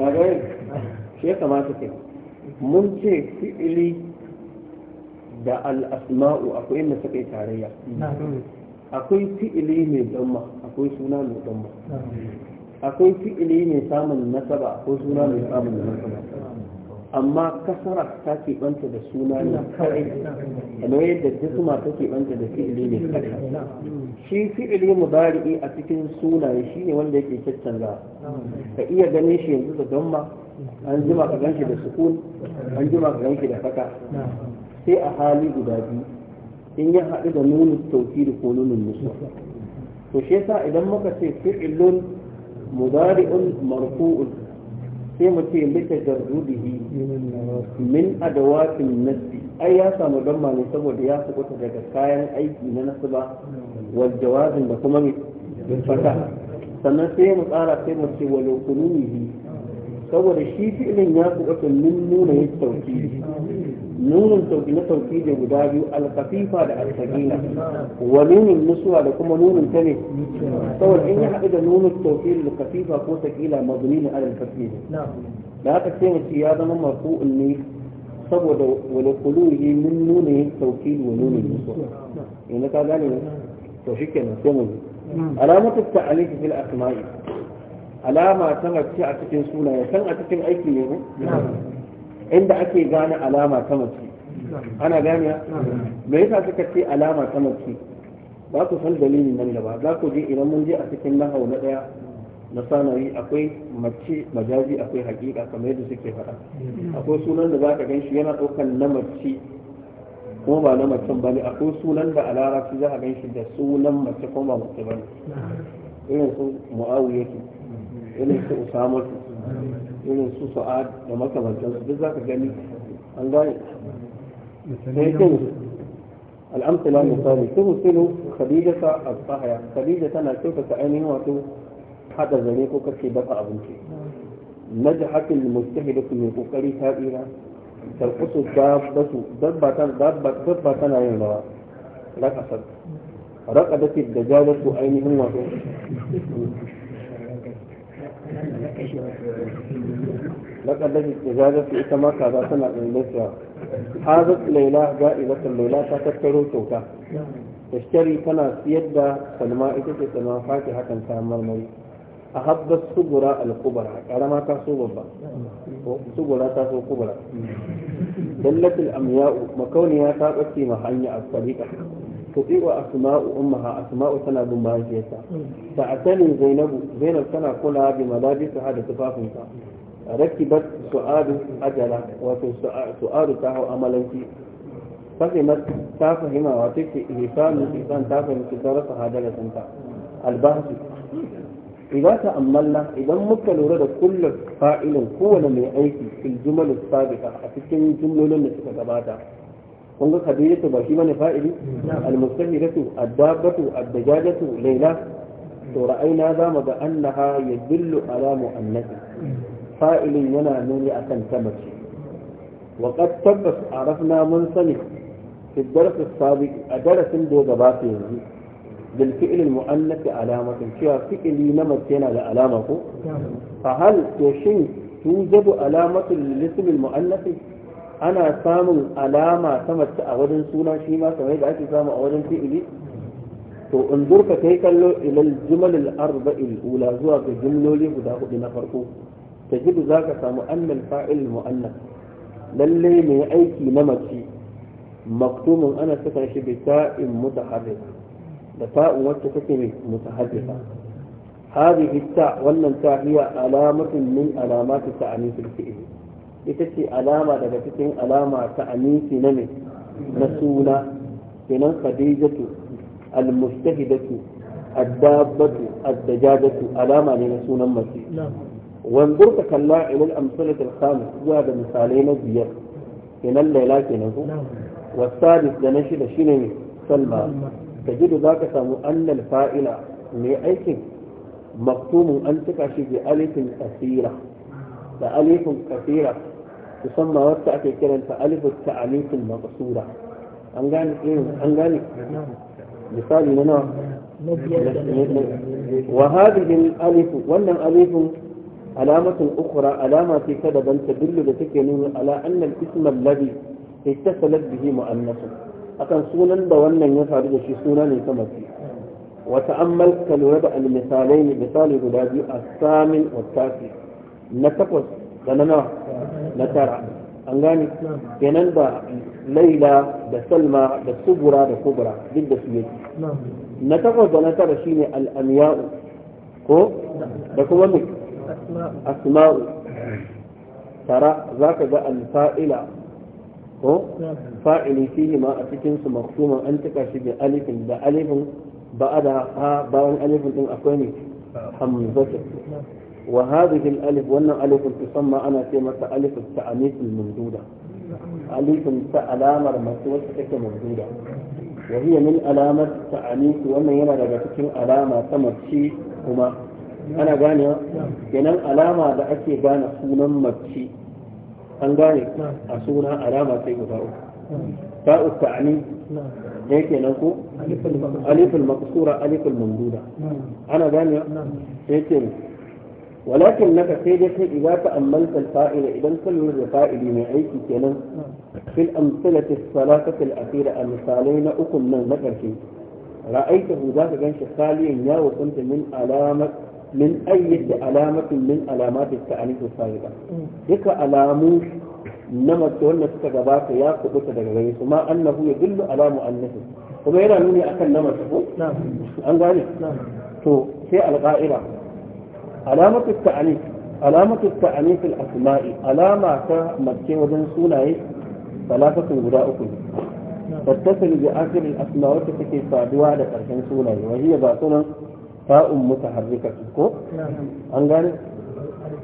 هذا شيء kamata ke mun ce fi'ili da al'asma'u akwai inda suka yi tarayya akwai fi'ili mai damma akwai suna mai damma akwai fi'ili mai samun nasaba akwai suna mai samun nasaba amma kasara ta keɓanta da suna ne kawai kamar yadda jisma ta keɓanta da fi'ili ne kawai shi fi'ili mudari'i a cikin sunaye shi ne wanda yake caccanza ka iya ganin shi yanzu da gamma an jima ka ganshi da sukun an jima ka ganshi da faka sai a hali guda biyu in ya haɗu da nunin tauhidi ko nunin musu to shi yasa idan muka ce fi'ilun mudari'un marfu'un sai mu ce lita jarrudihi min adawatin nasbi ai ya samu damma ne saboda ya kubuta daga kayan aiki na nasba wal jawazin da kuma mai fata sannan sai mu tsara sai mu ce walau kununihi saboda shi fi'ilin ya kubuta min nuna yin tauhidi nunin tauki na tauki da guda biyu alkafifa da alkafina wa nunin nusuwa da kuma nunin ta ne saboda in ya haɗu da nunin tauki da alkafifa ko sakila mabuni ne alal kafi da haka sai mu ya zama marfu'un ne saboda wani kulu yi min nunin tauki wa nunin nusuwa yanzu ka gane to shi kenan sai mu alamatu ta'alif fil asma'i alama tana ce a cikin sunaye san a cikin aiki ne inda ake gane alama ta mace ana gane me yasa suka ce alama ta mace ba ku san dalilin nan gaba za ku je idan mun je a cikin nahau na daya na sanayi akwai mace majazi akwai hakika kamar yadda suke faɗa akwai sunan da za ka gan shi yana ɗaukan na mace kuma ba na mace ba ne akwai sunan da a larabci za a gan shi da sunan mace kuma ba mace ba ne irin su mu'awu yake irin su usamatu irin su sa'ad da makamantar su duk za ka gani an gane sai kin al'amtala misali su husinu khadijata al-sahaya khadija tana kyautata ainihin wato hada zane ko kace dafa abinci نجحت المجتهدة من قوكري تائرة تلقص الدابة دبة دبة دبة عين رقصت رقدت الدجاجة عينهم وهم laƙallin ijaza su ita ma kaza tana ɗanɗansa hazat laila ga'ibatan laila ta tattaro kyauta tashtari tana siyar da salma ita ce salma fati hakan ta marmari a habbar sugura al karama ta so babba sugura ta so kubra dallatul amya'u makauniya ta ɓace ma hanya a tsarika tuqi'u asma'u ummaha asma'u tana bin mahaifiyarta fa atani zainabu zainab tana kula bi malabisa da tufafinta rakibat su'adu ajala wato su'adu ta hau amalanki fasimat ta fahima wato ke ihsanu ihsan ta fahimci darasa hadalatinta albahsu idan ta ammalna idan muka lura da kullum fa'ilin kowane mai aiki fil jumal sabiqa a cikin jumlolin da suka gabata kun ga kabiratu ba shi bane fa'ili al-mustahiratu ad-dabbatu ad-dajajatu layla to ra'ayna za mu ga annaha yadullu ala mu'annati fa'ilin yana nuni akan tamace wa qad tabbas arafna mun sani fi ad-dars as-sabiq a darasin da gabata yanzu bil fi'l al-mu'annath alamatan cewa fi'li na mace yana da alama ko fa hal to shin tujabu alamatu lil-ism al-mu'annath ana samun alama ta mace a wajen suna shi ma kamar yadda ake samu a wajen fi'ili to in durka kai kallo ilal jumal al arba'il ula zuwa ga jumloli guda hudu na farko ta za zaka samu annal fa'il mu'annas lalle mai aiki na mace maktumin ana saka shi bi ta'in mutaharrika da ta'un wacce take mai mutaharrika hadhihi ta wannan ta hiya alamatun min alamati ta'anis al ita ce alama daga cikin alama ta aminci na na suna kenan khadijatu almustahidatu addabatu addajadatu alama ne na sunan mace wanzur ka kalla ilal amsalatu alkhamis zuwa da misalai na biyar kenan laila kenan ko wasadis da na shida shine ne salma tajidu zaka samu annal fa'ila mai aikin maktumun an tuka shi bi alifin kasira da alifin kasira musamman wacce ake kiranta alifu ta'alikul maqsura an gane eh, an gane misali na nawa wa hadhihi alif wannan alifun alamatun ukhra alama ce ta daban ta dillu da take nuna ala anna al-ism alladhi ittasalat bihi mu'annas akan sunan da wannan ya faru da shi suna ne ta mace wa ta'ammal lura da al-misalain misali guda biyu as-samin wa na takwas da na nawa na tara an gane kenan da laila da salma da subura da kubra duk da su yake na takwas da na tara shine al'amiya'u ko da kuma mai asma'u tara za ka ga alfa'ila ko fa'ili fihi ma a cikinsu maksuman an tuka shi da alifin da alifin ba'a da ha bayan alifin din akwai ne hamzatu وهذه الألف وأن ألف تسمى أنا كلمة ألف التأنيث الممدودة ألف تألامة مكتوبة ممدودة وهي من علامة التأنيث وأن ينا لغتك علامة تمرشي هما أنا غانية ينال علامة لأكي غانا سونا مرشي an gane a suna alama sai guda uku ta'u ta'ani ne kenan ko alifin maksura alifin mamduda ana gane ya ce walakin naka sai dai kai idza ta ammalta fa'ila idan kullun da fa'ili mai aiki kenan fil amsalati salatati al-akhira a misalai na ukun nan na karshe ra'aitahu zaka ganshi saliyan ya wasanta min alamat min ayyati alamatin min alamati ta'anif sabiqa duka alamu na mace wanda suka gabata ya kubuta daga gare su ma annahu ya dillu alamu annahu kuma yana na to sai alamatu ta'anif alamatu ta'anif al-asma'i alama ta mace wajen sunaye salafatun guda uku tattasil bi akhir al-asma wacce take saduwa da karshen sunaye wahiya ba sunan fa'un mutaharrika ko an gane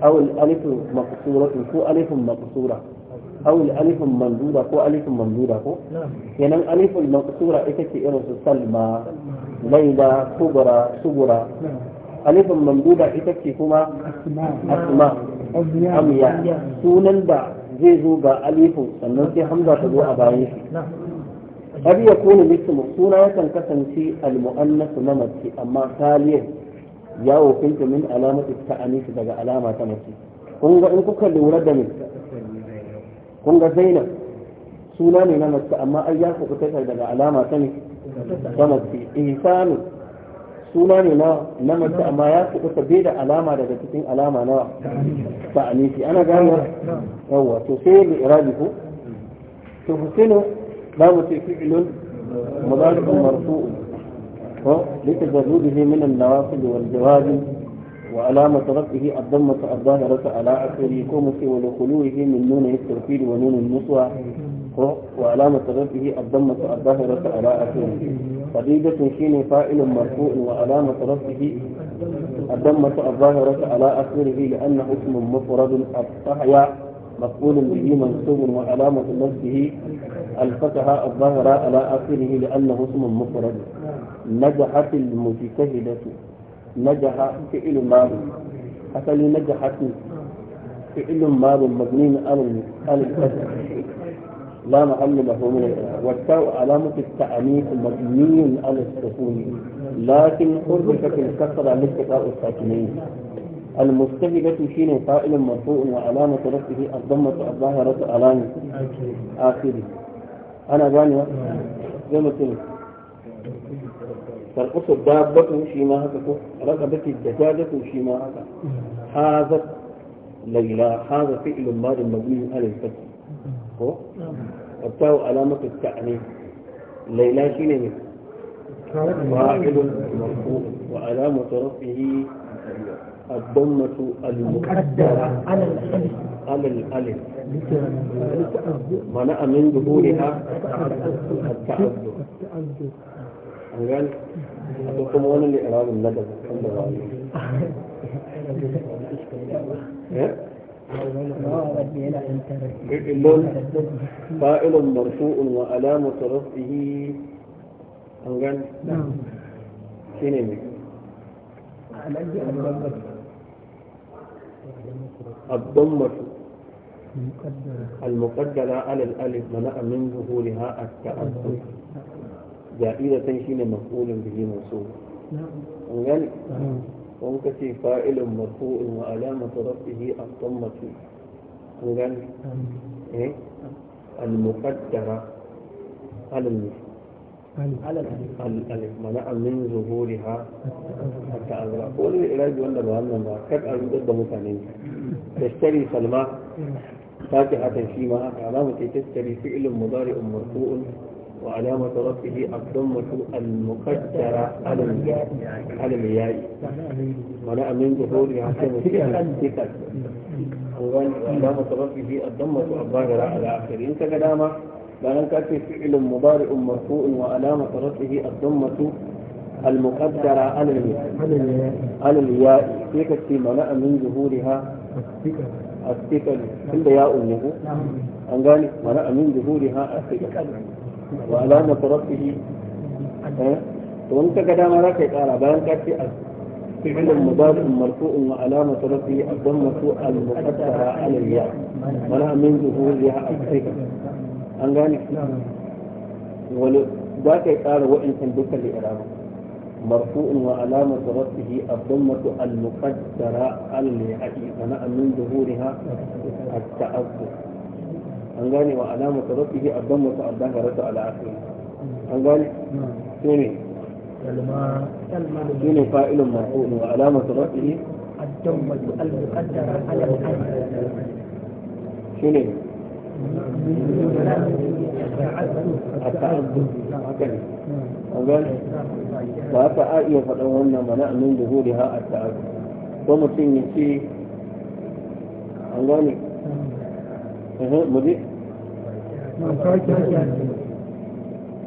أو الألف مقصورة كو ألف مقصورة أو الألف ممدودة كو ألف ممدودة كو يعني الألف المقصورة إتكي إرس سلمى ليلى كبرى صبرى alifin mamduda ita ce kuma asma amiya sunan da zai zo ga alifin sannan sai hamza ta zo a bayan shi har ya kone lissu suna yakan kasance almu'annasu na mace amma saliyar ya wakilta min alamatu ta anisu daga alama ta mace kun ga in kuka lura da mai kun ga zainab suna ne na mace amma ai ya kuka daga alama ta ne ta mace ihsanu suna ne na na mace amma ya su kusa bai da alama daga cikin alama na ta'anisi ana gane yawa to sai da irabi ko to husainu za mu ce fi'ilun مضارع مرفوع لتجرده من النوافل والجواب وعلامة رفعه الضمة الظاهرة على أثره كومس ولخلوه من نون التوكيد ونون النسوة وعلامة رفعه الضمة الظاهرة على أخيه خديجة شين فاعل مرفوع وعلامة رفعه الضمة الظاهرة على أخره لأنه اسم مفرد الصحيا مفعول به منصوب وعلامة نفسه الفتحة الظاهرة على آخره لأنه اسم مفرد نجحت المجتهدة نجح فعل ماض أصل نجحت فعل ماض مبني على الفتح لا محل له من الإعراب والتاء علامة التعميق مبني على السكون لكن حرفت الكسرة لاتقاء الساكنين في شين قائل مرفوع وعلامة رفعه الضمة الظاهرة علامة آخره أنا جانية زي ما قلت ترقص الدابة في ما هكذا رقبت الدجاجة في ما هكذا حاذت ليلى حاز فعل ماض مبني على الفتح ko الطاو علامة التعنيف ليلى شنو فاعل مرفوع وعلامة رفعه الضمة المقدرة على الألف على الألف منع من ظهورها التعذر قال أتوكم وانا اللي إعراب الحمد لله <laughs> إيه؟ فعل فاعل مرفوع وألام ترفعه أنجان نعم شنو الضمة المقدرة على الألف منع من ظهورها التأثر زائدة شين مفعول به منصوب نعم كونكتي فائل مرفوء وعلامة ربه الضمة قولا إيه؟ المقدرة على المثل على الألف منع من ظهورها حتى أزرع تشتري سلمة إيه. فاتحة فيما علامة تشتري فعل مضارع مرفوع وعلامة ربه الضمة المقدرة على الياء على الياء منع من ظهورها كمثيرا ثقل وعلامة ربه الضمة الظاهرة على آخره كقدامة لأن كان فعل مضارع مرفوع وعلامة ربه الضمة المقدرة على الياء على الياء كتي منع من ظهورها الثقل كل ياء له أن قال منع من ظهورها الثقل wa alama tarafihi eh? to wani kaga dama za ka yi tsara bayan ka ce a فعل مضاف مرفوع وعلامة رفعه الضمة المقدرة على الياء ولا an gane wani za ka yi wa'insan dukkan da irama marfu'un wa al-muqaddara an gane wa alamata rafihi abban mutu abban harata ala asiri an gane su ne su ne fa'ilun maf'ul wa alamata rafihi الدمة المقدرة على الحد شنو؟ التعذب هكذا أقول فهذا آية فلوهن منع من ظهورها التعذب ومتين يسي أقول إيه، مدير فاكهة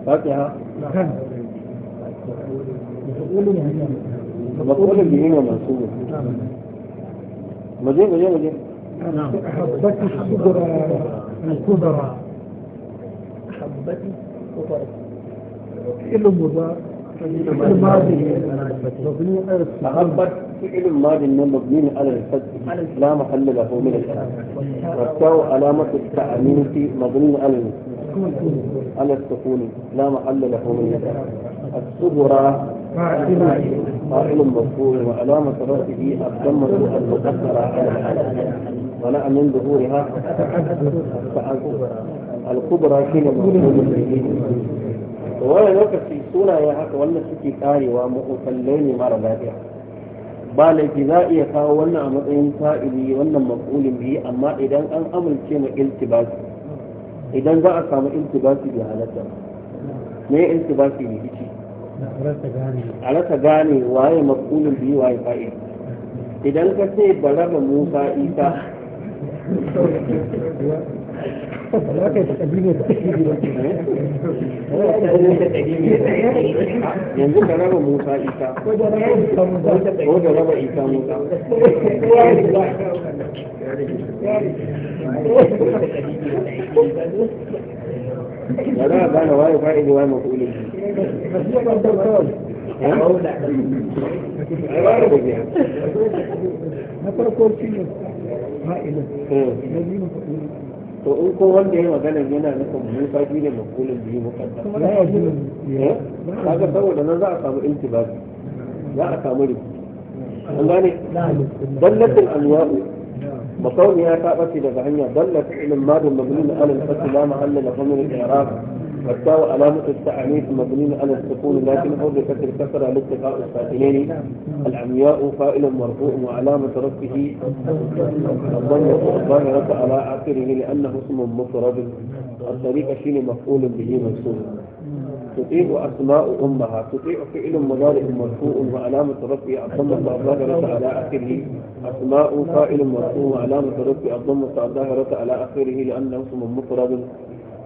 فاكهة مقول الجنين ومنصوب مذيع مذيع مدير حبتي الكبرى الكبرى حبتي الكبرى إيه المضار؟ إيه الماضي؟ مخبر فعل ما من مبني على الفتح لا محل له من الكلام والتو علامة التعميم في مبني على على السكون لا محل له من الكلام الصغرى قائل مذكور وعلامة رأسه الضمة المقدرة على العلم ولا من ظهورها الكبرى كلمة ولا يوقف في سنة يا حق ولا سكي كاري ومؤسلين مرة ba laifi za a iya kawo wannan a matsayin fa'ili wannan maf'ulin bihi amma idan an amince ma iltibasi idan za a samu iltibasi bi halatta me iltibasi ne kici a gane waye maf'ulin bihi waye fa'il idan ka ce baraba musa isa ولكن تقديمي تقديمي yanzu da raba musa isa ko da raba isa musa za a gane waye waye na farko shi ne fa'ilin na biyu to in ko wanda ya magana yana nufin mu fa bi da makulin biyu mukaddam kaga saboda nan za a samu intibabi za a samu rikici an gane dallatul anwa'u ya ta bace daga hanya dallat ilmin madun mabni ala al-fath la ma'alla lahu min al-i'rab والتاء علامة التعنيف المبنين على السكون لكن حركت الكسرة لاتقاء الساكنين العمياء فائل مرفوع وعلامة رفعه الضمة الظاهرة على آخره لأنه اسم مفرد الطريق شين مفعول به منصوب تطيع أسماء أمها تطيع فعل مضارع مرفوع وعلامة رفعه الضمة الظاهرة على آخره أسماء فائل مرفوع وعلامة رفعه الضمة الظاهرة على آخره لأنه اسم مفرد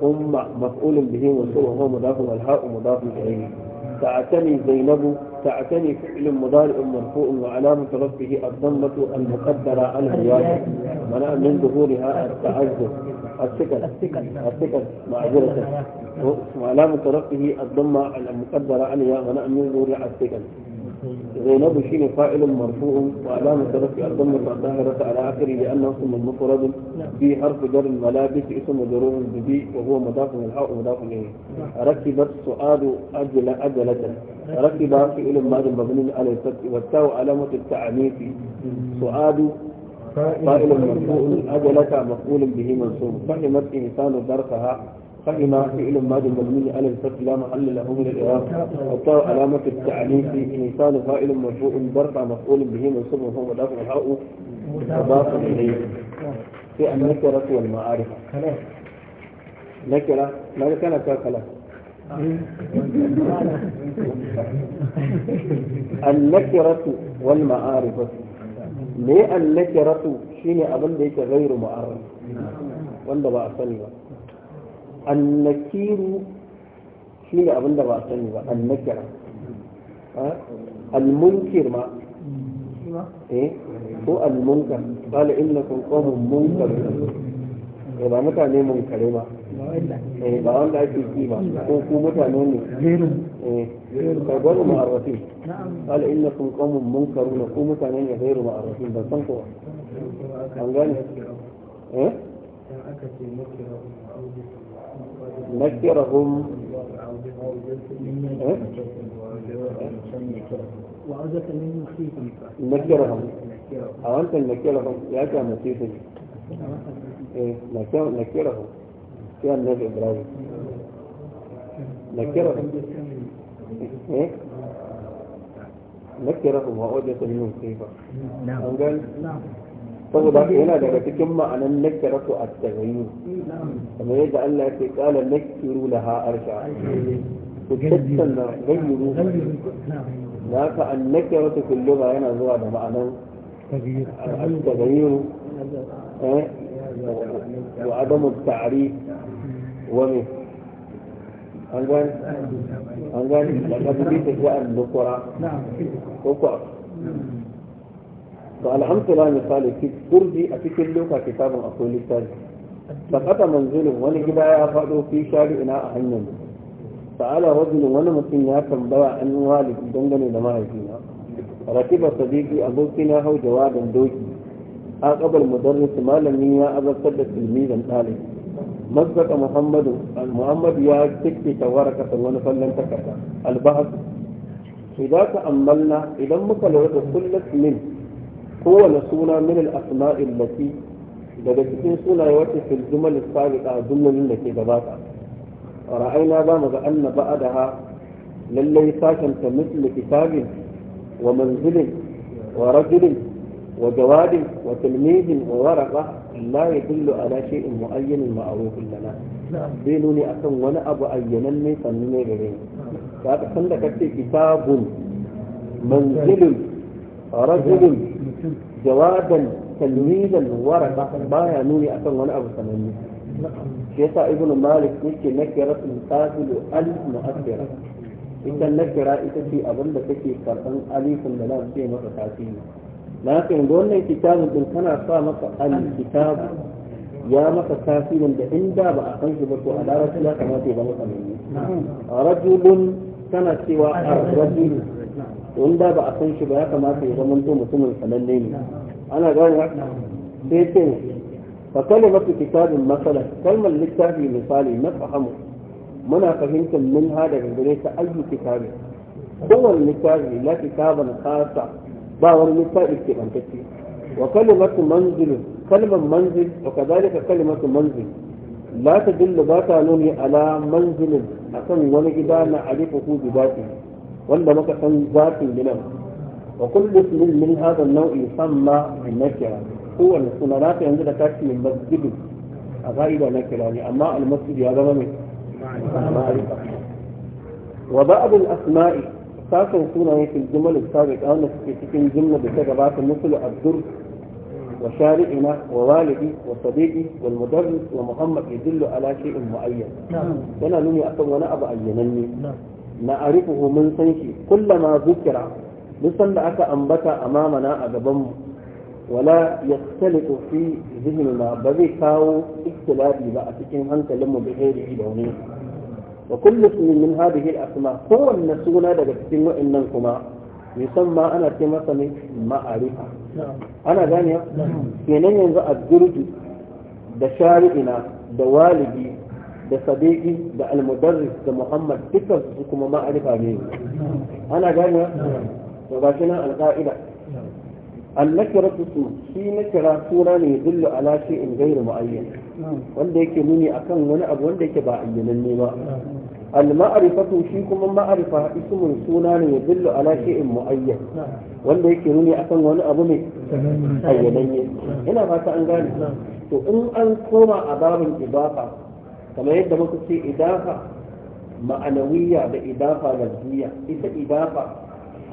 أم مفعول به منصوب وهو مضاف والهاء مضاف إليه تعتني زينب تعتني فعل مضارع مرفوع وعلامة ربه الضمة المقدرة على الواجب منع من ظهورها التعذر الثقل الثقل معذرة وعلامة ربه الضمة المقدرة عليها منع من ظهورها الثقل زينب شين فاعل مرفوع وعلامة رفع الضمة الظاهرة على آخره لأنه اسم مفرد في حرف جر الملابس اسم مجرور بدي وهو مضاف الحاء ومضاف إليه ركبت سؤال أجل أجلة ركب فعل ماض مبني على الفتح والتاء علامة التعنيف سؤال فاعل مرفوع أجلة مفعول به منصوب فهمت إنسان درسها قدم فعل ماد مبني على الفتح لا محل له من الاعراب الطاء علامة التعليم في انسان قائل مرفوع برفع مفعول به منصوب وهو مضاف الحاء مضاف اليه في النكرة والمعارف نكرة ماذا كان كلا النكرة والمعارفة ليه النكرة شيني أظن ليك غير معرف ولا بقى أصلي بقى annakiru shi ne abin da ba sani ba annakira almunkir ma eh ko almunkar inna innakum qawmun munkar eh ba mutane munkare ba eh ba wanda ake ki ba ko ku mutane ne eh ka gwaru ma'arrafin qala innakum qawmun na ku mutane ne gairu ma'arrafin ban san ko an gane eh نكرهم وعزك من نكرهم نكرهم أنت نكرهم يا كان نسيتك نكرهم يا النبي إبراهيم نكرهم نكرهم وأوجس منهم كيفا نعم saboda haka yana daga cikin ma'anan nakiratu at-taghayyur kamar yadda Allah ya ce qala nakiru laha arsha ku tattauna gayyuru da haka an-nakiratu kulluha yana zuwa da ma'anan at-taghayyur wa adamu at-ta'rif wa min an gani an gani da kasu bisa ga an-nukura ko ko to alhamdulillah misali ki kurdi a cikin loka kitabun akwai littafi sakata manzilin wani gida ya faɗo fi ina a hanyar Sa'ada rajulin wani mutum ya tambaya an walidi dangane da mahaifina rakiba sadiqi ya hau jawabin doki aqabal mudarris malami ya azabtar da Muhammadu ya مصدق محمد محمد يا تكتي تورقة ونفل لن ka البحث idan muka lura da kullum من kowane suna min al-asma'il lati daga cikin sunaye wacce fil jumal sabiqa jumlalin da ke gabata ra'ayna ba mu ga anna ba'daha lallai sakan ta misli kitabin wa manzilin wa rajulin wa jawadin wa tilmidin wa waraqa la yadullu ala shay'in mu'ayyanin ma'rufin lana zai nuni akan wani abu ayyanan ne sannu ne gare ni ka san da kace kitabun manzilin rajulun jawaban talmidan waraka baya nuni akan wani abu sananne shi yasa ibnu malik yake nakiratul qasilu al mu'akkira ita nakira ita ce abin da take karban alifin da nan sai masa tasiri na kan wannan kitabun din kana sa maka al kitab ya maka tasirin da inda ba a san shi ba to a larabci ya kamata cewa ar in da ba a san shi ba ya kamata ya zama to mutumin sananne ne ana gane sai ce fa kalimatu kitabin masala kalmar littafi misali na fahimu muna fahimtar min ha daga gare ta ayyu kitabi kowar littafi la kitaban kasa ba wani littafi ke bantacce wa kalimatu manzil kalmar manzil wa kadalika kalimatu manzil la dilla ba ta nuni ala manzilin akan wani gida na arifuhu bi wanda muka san zafin gidan wa kullu ismin min hadha an-naw' yusamma bi nakira kowanne suna na ta yanzu da kashi masjidu a ka'ida na kira ne amma al-masjid ya zama mai ma'arifa wa ba'd al-asma'i sakan suna ne fil jumal sabiqa wanda suke cikin jumla da ta gabata musul abdur وشارعنا ووالدي وصديقي والمدرس ومحمد يدل على شيء معين. نعم. أنا لم أكن وأنا أبا أينني. نعم. na mun san shi kullama zukira duk da aka ambata amamana a gabanmu wala yastaliqu fi zihnina ba zai kawo ikhtilafi ba a cikin hankalinmu bi ghairihi da wani wa kullu ismin min hadhihi al-asma kowanne suna daga cikin wa'annan kuma yusamma ana ce masa ne ma'arifa ana gane kenan yanzu a da shari'ina da walidi da sadiki da almudarris da muhammad dukkan su kuma ma'arifa ne ana gane da ba shi nan alƙa'ida annakiratu su shi na kira sura ne dullu ala in ghairu mu'ayyan wanda yake nuni akan wani abu wanda yake ba ayyananne ba al-ma'rifatu shi kuma ma'arifa ismun suna ne yadullu ala in mu'ayyan wanda yake nuni akan wani abu ne ina fata an gane to in an koma a babin ibafa kamar yadda muka ce idafa ma'anawiya da idafa lafziya ita idafa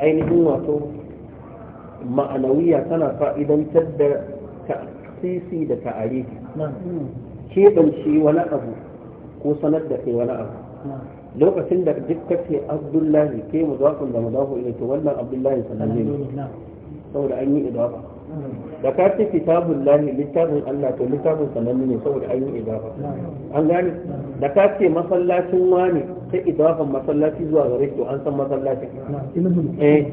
ainihin wato ma'anawiya tana fa'idantar da tasisi da ta'arifi keɓance wani abu ko sanar da kai wani abu lokacin da duk kace abdullahi ke mudafin da mudafu ilai to wannan abdullahi sanan ne saboda an yi idafa da ka ce kitabun lahi littafin Allah to littafin sanannu ne saboda an yi idafa an gane da ka ce masallacin wani sai idafan masallaci zuwa gare to an san masallaci eh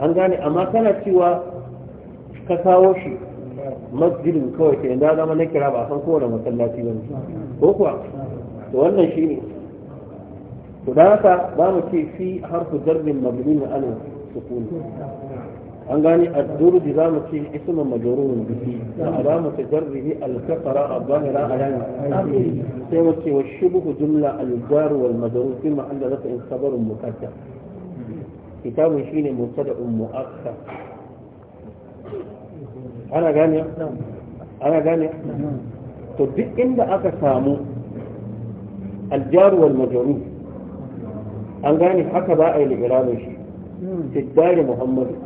an gane amma kana cewa ka kawo shi masjidin kawai ke da zama na kira ba san kowane masallaci ba ko kuwa to wannan shine to da haka ba mu ce fi harfu jarbin mabni al alif sukuni an gani gane addurdi za mu ce ismin majrurun bihi za mu ce jarrihi al-kasra al-zahira alan sai mu ce wa shibhu jumla al-jar wal majrur fi ma'an da zaka in sabar muqaddam kitabun shine mubtada mu'akkar ana gani ana gani to duk inda aka samu al-jar wal majrur an gani haka ba a yi li'irabin shi fi muhammadu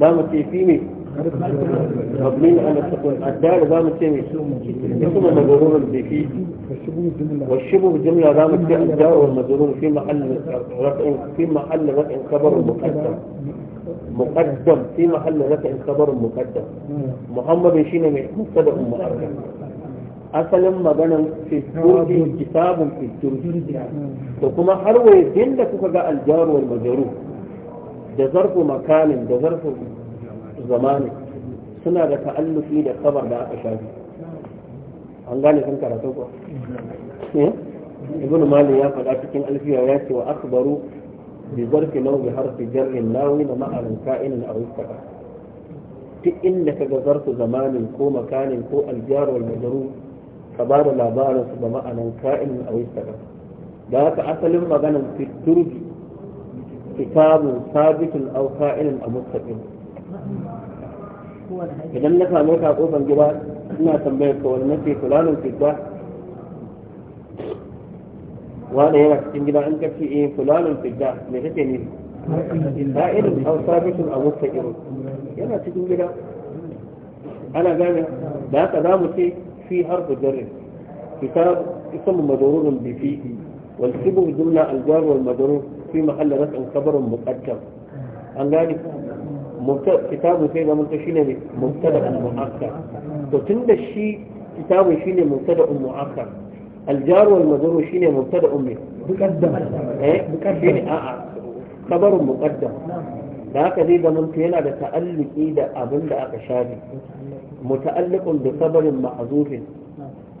دام mu ce fi ne مبني على السكون الدال ذا متسمي اسم المجرور به والشبه جملة ذا متسمي الدال والمجرور في محل رفع في محل رفع خبر مقدم مقدم في محل رفع خبر مقدم محمد شين مبتدا مؤخر asalin maganan fiturji kitabun fiturji da kuma har wajen da kuka ga aljaru da zarfu makanin da zarfu zamanin suna da ta'alluki da kabar da aka shafi an gane sun karatu ko eh? ibn mali ya faɗa cikin alfiya ya ce wa akbaru bi zarfi law bi harfi jarrin nawi da ma'alin ka'inin a wufaka duk inda ka ga zarfu zamanin ko makanin ko aljaru wal majaru ka ba da labarin su da ma'anan ka'inin a wufaka da haka asalin maganan fiturbi كتاب ثابت أو فاعل أو مستقيم إذا لك أمرك أقوفا جبال إنها تنبيك والنفي فلان في البحر وأنا يلك تنجد أنك في إيه فلان في البحر لغتني فاعل أو ثابت أو مستقيم يلا تنجد أنا قال لا تدام في حرف جر كتاب اسم مجرور بفيه والسبب جملة الجار والمجرور في محل رفع خبر مقدم an gani kitabun sai zama ta shine mubtada da mu'akkar to tun da shi kitabun shine mubtada da mu'akkar aljar wal majrur shine mubtada ummi muqaddam eh muqaddam a a kabarun muqaddam da haka zai zama to yana da ta'alluki da abin da aka shafi muta'alliqun bi sabarin ma'zufin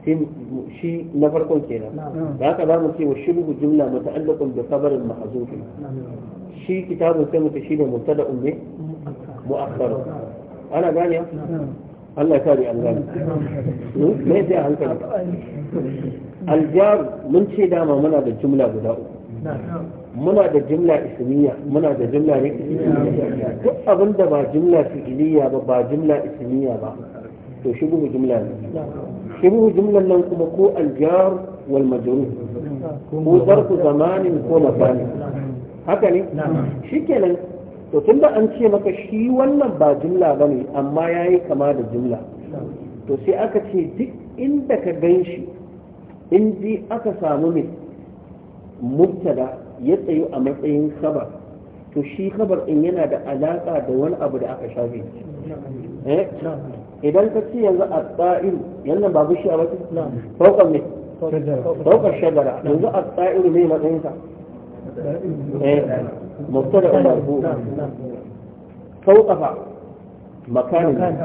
shi na farkon kenan ka haka zamu ce wa shibhu jumla muta'alliqun bi khabarin mahzuf shi kitabu sai mu shi ne mubtada'un ne mu'akhkhar ana Allah ya kare an gane hmm? me sai hankali aljar mun ce dama muna da jumla guda uku muna da jumla ismiya muna da jumla ne duk abinda ba jumla fi'iliya ba ba jumla ismiya ba to shubuhu jumla ne shubuhu jumlan nan kuma ko aljar wal majrur ko zarfu zamanin ko makani haka ne shikenan to tun da an ce maka shi wannan ba jumla ba ne amma ya yi kama da jumla to sai aka ce duk inda ka ganshi in ji aka samu mai mubtada ya tsayu a matsayin khabar to shi khabar in yana da alaƙa da wani abu da aka shafe إذا الفتى يلا الطائر يلا بابوش يا بابي فوق المي فوق الشجرة نعم. يلا الطائر مين ما تنسى مطلع مربو فوق فع مكان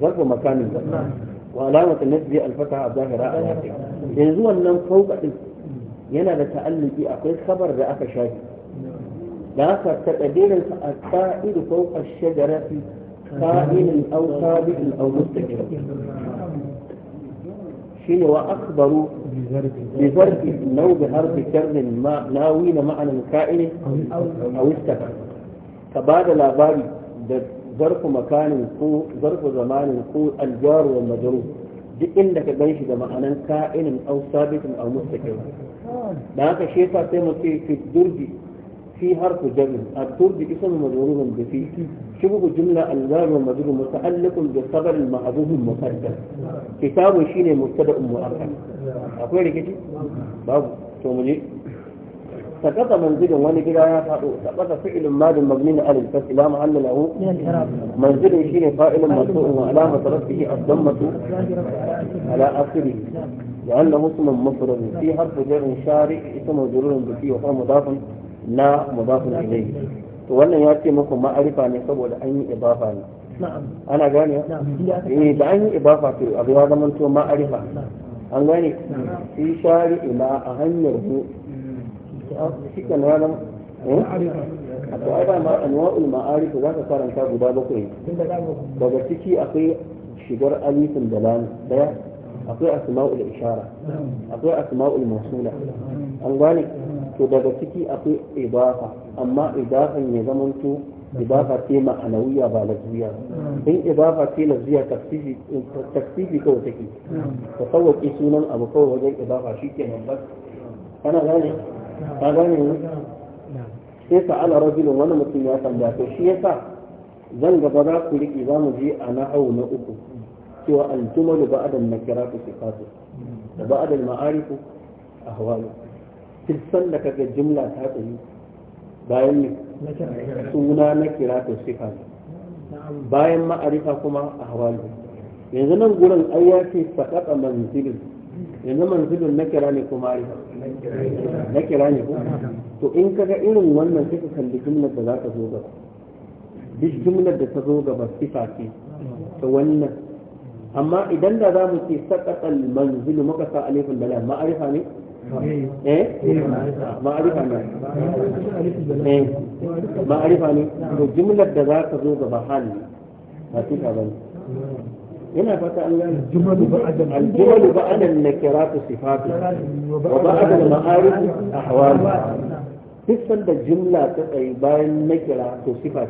ضرب مكان وعلامة النسبي الفتح عبدالله رأى ينزو النم فوق ينا بتألم في أقل خبر بأخ شاهد لا تتدين الطائر فوق الشجرة قائل أو صادق أو مستكبر شنو وأكبر بظرف لو بحرف كر ما ناوين معنى كائن أو استكبر فبعد الأباري ظرف مكان كو ظرف زمان كو الجار والمجرور duk inda ka gan shi da ma'anan ka'inin au sabitin au mustaqim da haka shi yasa sai mu ce fi durbi في حرف جر مكتوب باسم مجرور بفي شبه جمله الباب المجرور متعلق بالخبر المحذوف المسجل كتاب شين مبتدا مؤخر اكو ركتي باب تومني سقط منزل وان كده يا فاضل سقط فعل ماض مبني على الفتح لا محل له منزل شين فاعل مرفوع وعلامه رفعه الضمه على اخره لانه اسم مفرد في حرف جر شارك اسم مجرور بفي وهو مضاف na mudafin ilayhi to wannan ya ce muku ma'arifa ne saboda an yi ibafa ne ana gane eh da an yi ibafa to abu ya zama to ma'arifa an gane shi shari ila a hanyar bu shikan ranar eh? a to ba ma anwa'ul ma'arif za ka karanta guda bakwai daga ciki akwai shigar alifin da lani daya akwai asma'ul ishara akwai asma'ul mawsula an gane to daga ciki akwai ibafa amma ibafan ya zamanto ibafa ce ma'anawiya ba lafiya in ibafa ce lafiya tafsiri kawai take ka sauwaƙe sunan abu kawai wajen ibafa shi ke nan ba kana gane ka gane ne sai sa'ala rajulun wani mutum ya tambaya to shi yasa zan gaba za ku riƙe za mu je a na hau na uku cewa aljumalu ba'adan nakiratu sifatu da ba'adan ma'arifu ahwalu kisan da kaga jumla ta tsaye bayan suna na kira to sifa bayan ma'arifa kuma a hawalu yanzu nan gurin ai ya ce sakata manzilin yanzu manzilin na kira ne kuma arifa na kira ne ko to in kaga irin wannan sai ka kalli jumlar da za ka zo gaba duk jumlar da ta zo gaba sifa ce ta wannan amma idan da za mu ce sakata manzilin muka sa alifin da ma'arifa ne eh ma'arifa ne eh ma'arifa ne to jumlar da za ka zo ba sifa ba ne yana fata an gane jumalu ba'adan al sifatu wa ma'arif da jumla ta tsaye bayan nakira to sifa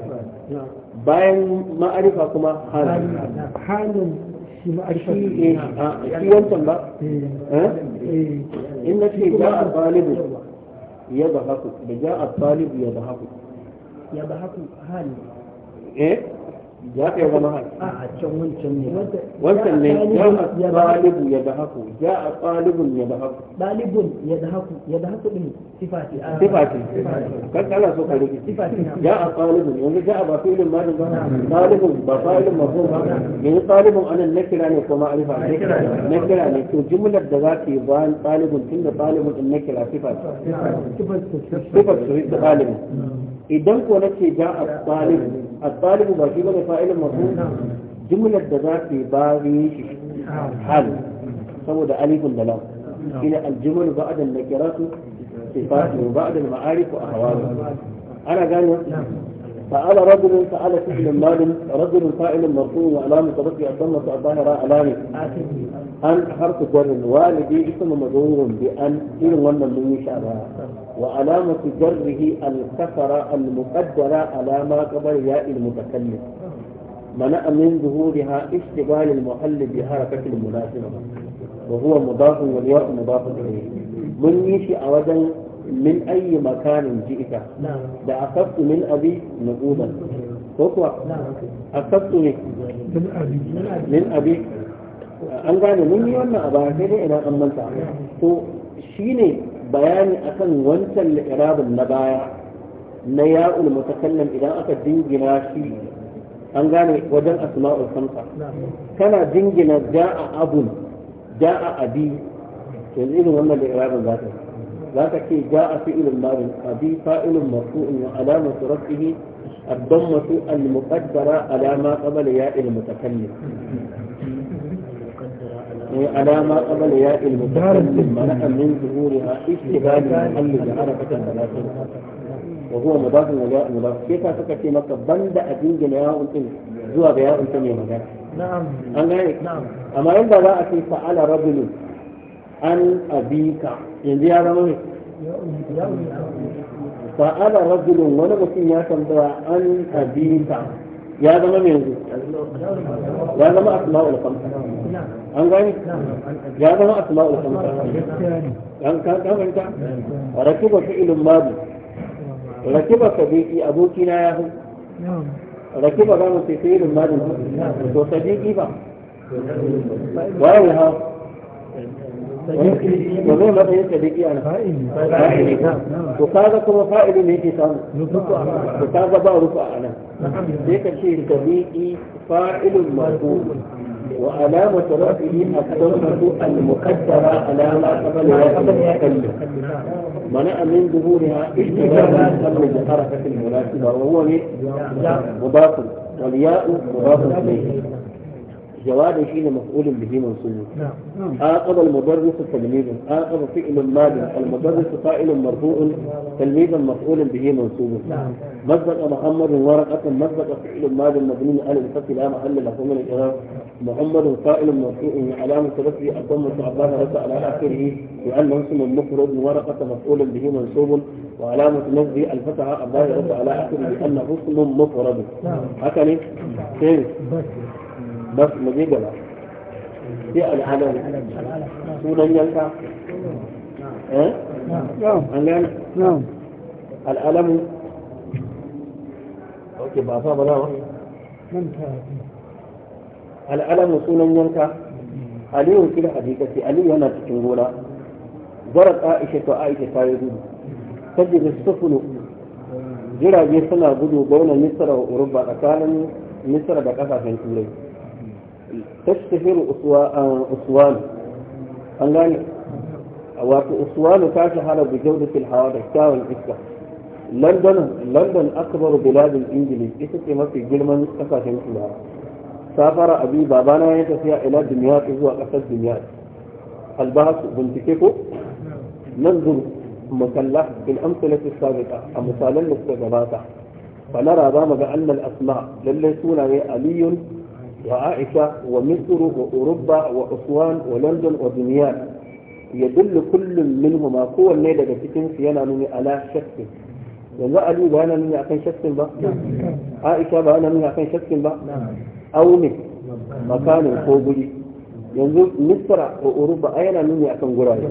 bayan ma'arifa kuma halin halin shi ma'arifa shi eh, eh? Eh. in na ce ja a ya ba ya kai zama haka a can wancan ne wancan ne ya a ɗalibu ya da haku ya a ɗalibun ya da haku ɗalibun ya da haku ya da haku ɗin sifati sifati kankana kana so ka rike sifati ya a ɗalibun yanzu ja a ba filin malin ba ɗalibun ba filin mafhum ba yanzu ɗalibun anan na kira ne ko ma'arifa ne na kira ne to jumlar da za ka yi ba ɗalibun tunda ɗalibun ɗin na kira sifati sifati sifati ɗalibun idan ko nake ja asbalibu asbalibu ba shi bane fa'ilin mafu jumlar da za ta ba shi hal saboda alifun da lam ila aljumal ba'd an-nakiratu sifatu ba'd al-ma'arif wa ahwalu ana gane فعل رجل فعل فعل مال رجل فاعل مرفوع وعلامة رفع الضمة الظاهرة علامة أن حرف جر والدي اسم مجرور بأن إن ولم من شعبها وعلامة جره الكسرة المقدرة على ما قبل ياء المتكلم منع من ظهورها اشتغال المحل بحركة المناسبة وهو مضاف والياء مضاف إليه من يشي أودا من أي مكان جئت ده أخذت من أبي نقودا كوكوا أخذت من أبي من أبي an gane mun yi wannan a baya sai dai idan an manta to shine bayani akan wancan li'irabin na baya na ya'ul mutakallim idan aka dingina shi an gane wajen asma'ul samsa kana dingina ja'a abun ja'a abi yanzu irin wannan li'irabin za ta za ka ce ja'a fi'ilun marin abi fa'ilun marfu'un wa alamatu rafihi الضمة المقدرة على ما قبل ياء المتكلم على ما قبل ياء المتكلم منع من ظهورها اشتباه المحل عرفة المناسب وهو مضاف ولا مضاف كيف فكرت مكة بند أدين جناء أنتم زوا بياء أنتم نعم أنا نعم أما عند لا أتي فعل رجل أن أبيك ينزي هذا مهم فعل رجل ولم يكن يا أن أبيك ya zama mai yanzu ya zama asma'ul khamsa an gani ya zama asma'ul khamsa an ka ka fahimta rakiba fi'ilun madi rakiba sabiki abokina ya hu rakiba ga mu sai fi'ilun madi to sabiki ba wa ya hawa ومن ماذا يتبقي أنا فائل وكذا كما فائل ليكي تام وكذا با رفع أنا ذيك الشيء تبقي فاعل مرفوض وعلامة رفعه الضمة المقدرة على ما قبل وقبل تكلم منع من ظهورها اشتغال الأمر بحركة المناسبة وهو مضاف والياء مضاف إليه جواب حين مفعول به منصوب نعم. نعم. عاقب المدرس تلميذا عاقب فعل ماضي المدرس فاعل مرفوع تلميذا مفعول به منصوب مزق نعم. محمد ورقة مزق فعل ماضي مبني على الفتح لا محل له من الإعراب محمد فاعل مرفوع علامة رفعه الضمة عبارة على آخره لان اسم مفرد ورقة مفعول به منصوب وعلامة نزل الفتحة الظاهرة على آخره لأنه اسم مفرد نعم نعم ba su muje gaba sai alhalar sunan yanka eh sunan yanka aliyu kila hadikasi aliyu yana cikin gona zara ka'ishe to aike ta yi gudu sabbi da jirage suna gudu gauna nisara wa urba tsakanin nisara da kasashen turai تشتهر آه، أسوان أسوان قال وأسوان تشهر بجودة الهواء كاون إسكا لندن لندن أكبر بلاد الإنجليز إسكا ما في جلمان كفا شمسنا سافر أبي بابانا يتسيا إلى دمياط هو أسد دمياط البحث بنتكيكو ننظر مسلح بالأمثلة السابقة أمثالا مستجباتها فنرى بام بأن الأسماء للي سونا علي وعائشة ومصر وأوروبا وأسوان ولندن ودنيا يدل كل منهما قوة نيدة بسكين سيانا نمي على شك yanzu Ali ba yana nuna akan shakkin ba Aisha ba yana nuna akan shakkin ba aune makanin ko guri yanzu Misra ko Uruba yana nuna akan gurare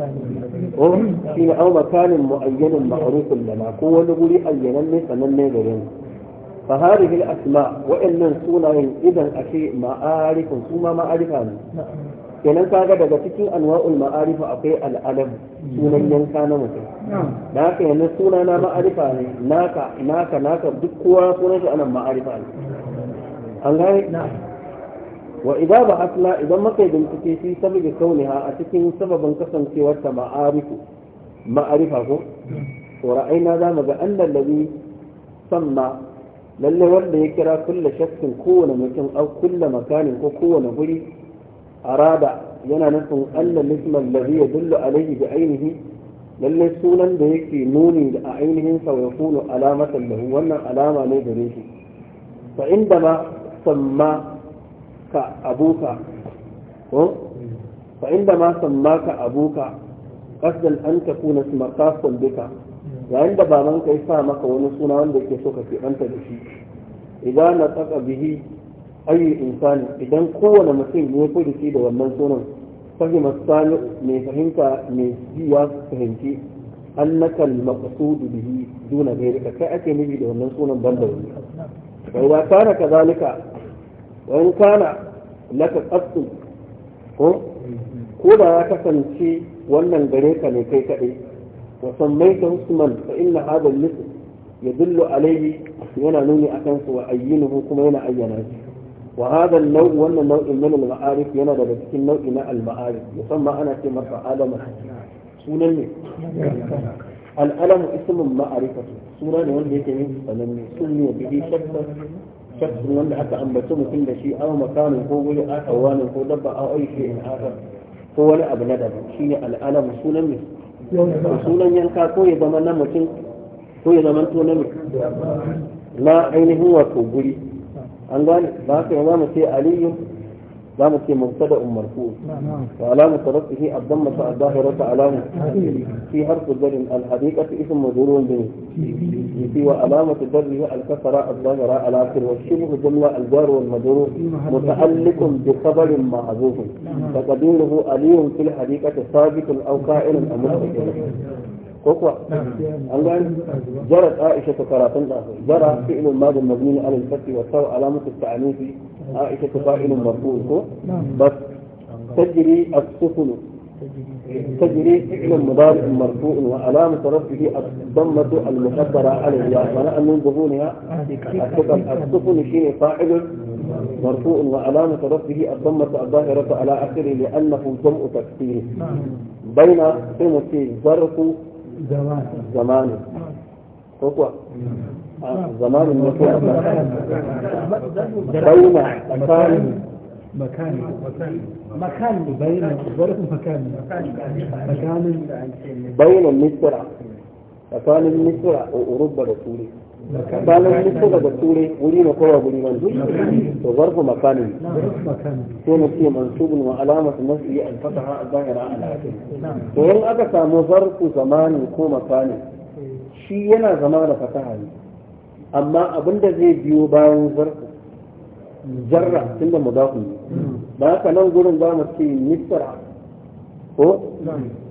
oh shine au makanin mu'ayyanin ma'rufun lana ko wani guri ayyanan ne sananne gare فهذه الأسماء وإن سونا إذا أشيء معارف ثم معارفة kenan kaga daga cikin anwa'ul ma'arifa akwai al'alam sunan yanka mutum da haka yanzu suna na ma'arifa ne naka naka naka duk kowa sunan shi anan ma'arifa ne wa idza ba asla idan muka bincike shi sababi kauniha a cikin sababin kasancewar ta ma'arifu ko to ra'ayna za mu ga annal ladhi lalle wanda ya kira kulle shakkin kowane mutum au kulle makanin ko kowane guri arada yana nufin allah nisman ya yadullu alaihi da ainihi lalle sunan da yake nuni da a ainihin sa ya kunu alamatan lahu wannan alama ne gare shi fa inda ma samma ka abuka fa inda ma samma ka abuka an yayin da baban ka sa maka wani suna wanda yake so ka keɓanta da shi idan na tsaka bihi ayi insani idan kowane mutum ya furuci da wannan sunan fahimar sani mai fahimta mai jiwa fahimci annaka al-maqsudu bihi duna ka kai ake nufi da wannan sunan banda wani kai wa kana kazalika wa in kana laka qasdu ko ko da ya kasance wannan gare ka ne kai kadai وسميته اسما فإن هذا الاسم يدل عليه ينا نوني أكنس وأينه كما ينا أيناك وهذا النوع وأن النوع من المعارف ينا ذلك النوع من المعارف يسمى أنا في مرة آدم سنن الألم اسم معرفة سنن وأن يتمي سنن سنن به شكا شخص wanda aka ambaci mutum da shi aw makamin ko guri aka wani ko dabba aw ai shi in aka ko wani abu na daban shine al'alam sunan mai sunan yanka ko ya zama na mutum ko ya zama to na na ainihin wato guri an gane ba ka yi mu sai aliyu لام في مبتدا مرفوع وعلامة ترفعه الضمة الظاهرة علامة في حرف الجر الحديقه اسم مجرور به في وعلامة جره الكسرة الظاهرة على اخر والشبه جملة الجار والمجرور متعلق بخبر معذوف فقديره علي في الحديقه ثابت أو قائل أو مستقل نعم kuwa an gani jarat جرى فعل karatun da على fi'il madin علامه التعنيف عائشة فاعل مرفوض بس تجري السفن تجري فعل مضارع مرفوع وعلامة رفعه الضمة المقدرة على الياء ونأى من ظهورها السفن السفن شيء فاعل مرفوع وعلامة رفعه الضمة الظاهرة على آخره لأنه جمع تكسير بين قيمة ظرف زمان زمان زمان المكان بين مكان مكان مكان بين ظرف مكان مكان بين المصرع مكان المصرع وأوروبا بطولي مكان المصرع بطولي ولينا قوة بليمان ظرف مكان مكان فيه منصوب وعلامة نفسي الفتحة الظاهرة على العالم وإن أدفع مظرف زمان يكون مكان شيئنا زمان فتحة amma abin da zai biyo bayan zarra zarra tun da ne ba haka nan gurin ba mu ce nisra ko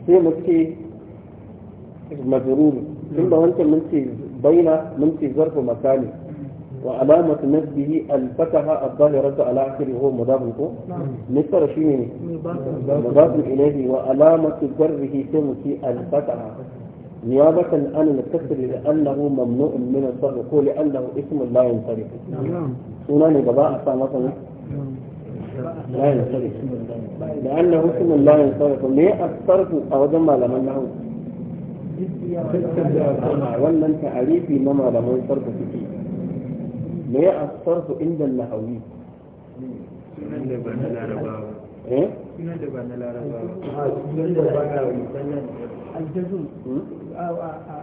sai mu ce tun da wancan mun ce baina mun ce zarfu makani wa alamatu nasbihi al-fataha al-zahiratu ala akhiri huwa mudafun ko nisra shi ne mudafun ilayhi wa alamatu jarrihi sai mu ce al-fataha نيابة عن الكسر لأنه ممنوع من الصرف لأنه اسم لا ينصرف سنان بضاء مثلا لا ينصرف لأنه اسم لا ينصرف ليه الصرف أو جمع لمن له wannan ta'arifi na malaman sarfa suke me ya asarfu inda lahawi sunan da ba na larabawa eh sunan da ba na larabawa sunan da ba na larabawa aljazum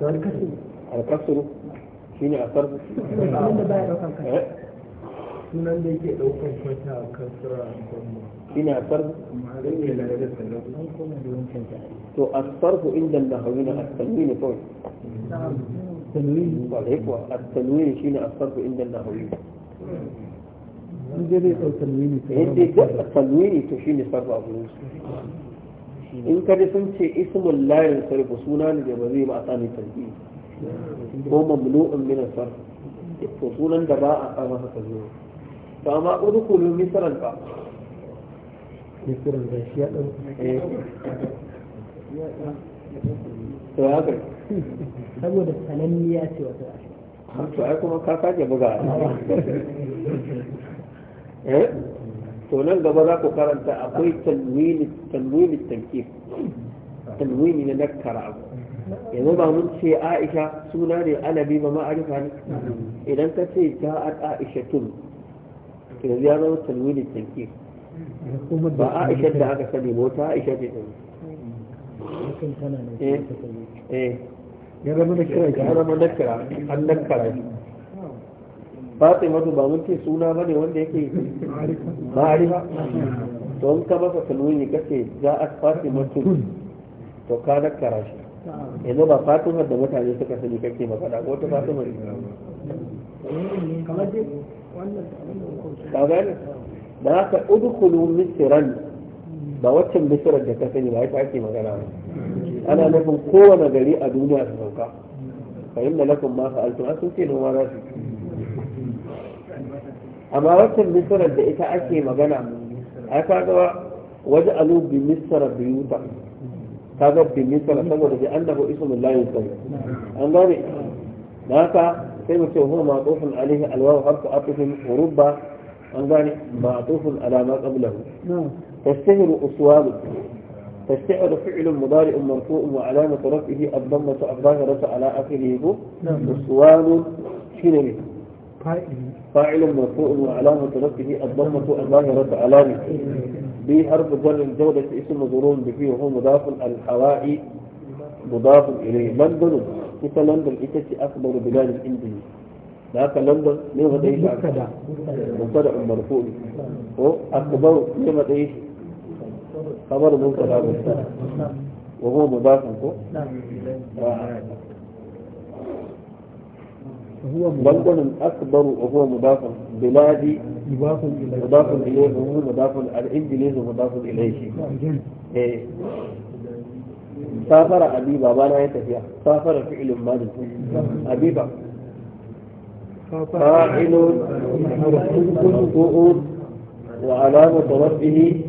alkasuru alkasuru shine a abinda sunan da yake daukan kwata A shine asar to asarfu inda lahawina at-tanwin kawai التنوين صحيح التنوين شيء الصرف عند ne to shi ne صرف أبو يوسف in ka sun ce ismin layin sarfu suna ne da ba zai ba a tsami. tarbi ko mamnu'un min asar to sunan da ba a sa masa tarbi to amma udkhulu misran ba misran da shi ya dan eh. to haka saboda ya ce wata to ai kuma ka kaje buga <laughs> eh to nan gaba za ku karanta akwai talwini tanke talwini na nakkara abu yanzu ba mun ce aisha suna ne alabi ba ma'arifa ne idan ka ce ta aisha tun to yanzu ya zama talwini tanke ba aisha da aka sani ba wata aisha ce ta eh, eh. ya zama nakira an nakara fatimatu ba mun ce suna ne wanda yake ma'arifa to in ka masa kalmomi kace za a fatimatu to ka nakkara shi yanzu ba fatima da mutane suka sani kake magana ko ta fatima ne kamar da haka udkhulu misran ba waccan misran da ka sani ba ita ake magana ba ana nufin kowane gari a duniya su sauka fa inna lakum ma fa'altum asun ce noma za su amma wancan misalar da ita ake magana ai kaga waje alu bi misra bi yuta kaga bi misra saboda bi annahu ismullahi sai an gane haka sai mutum huwa ma'tufun alaihi alwawu harfu atufin rubba an gane ma'tufun ala ma qablahu tastahiru uswabu تستعر فعل مضارع مرفوع وعلامة رفعه الضمة الظاهرة على آخره هو نعم. وسوان شنو فاعل فاعل مرفوع وعلامة رفعه الضمة الظاهرة علامة بي حرف جر الجودة اسم ظروف به وهو مضاف الحوائي مضاف إليه لندن ita london ita ce akbar bilalin indiya da haka london ne matsayi shi aka da musa da umar fuli ko akbar da ko بلد الأكبر وهو مضاف بلادي مضاف إليه وهو مضاف الإنجليز مضاف إليه سافر أبيبا بابا لا يتفيا سافر فعل ماضي أبيبا فاعل مرفوع وعلامة ربه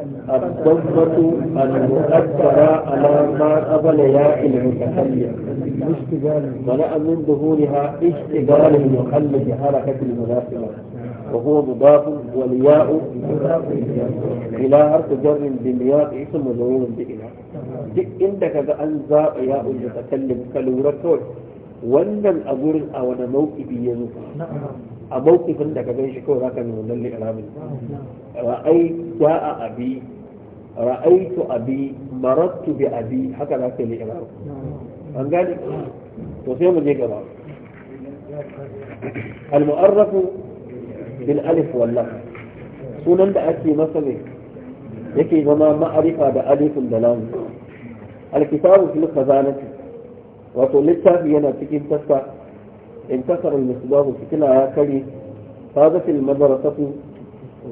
الضبة المؤثرة على ما قبل ياء المتكلم ونأى من ظهورها اشتغال المخلد حركة الملاكمة وهو مضاف والياء إلى حرف جر بالياء اسم مجرور بإله عندك أنزاء ياء المتكلم كالورة وندم أقول أو أنا موكبي a mawkifin da ka ganshi kawai zaka nuna lalle li'iramin ra'ai ja'a abi ra'aitu abi marattu bi abi haka za ka yi li'irab an gani to sai mu je gaba al-mu'arrafu bil alif wal lam sunan da ake masa ne yake zama ma'arifa da alifin da lam al-kitabu fil khazanati wato littafi yana cikin tasfa انتصر المصباح في ya kare فازت المدرسة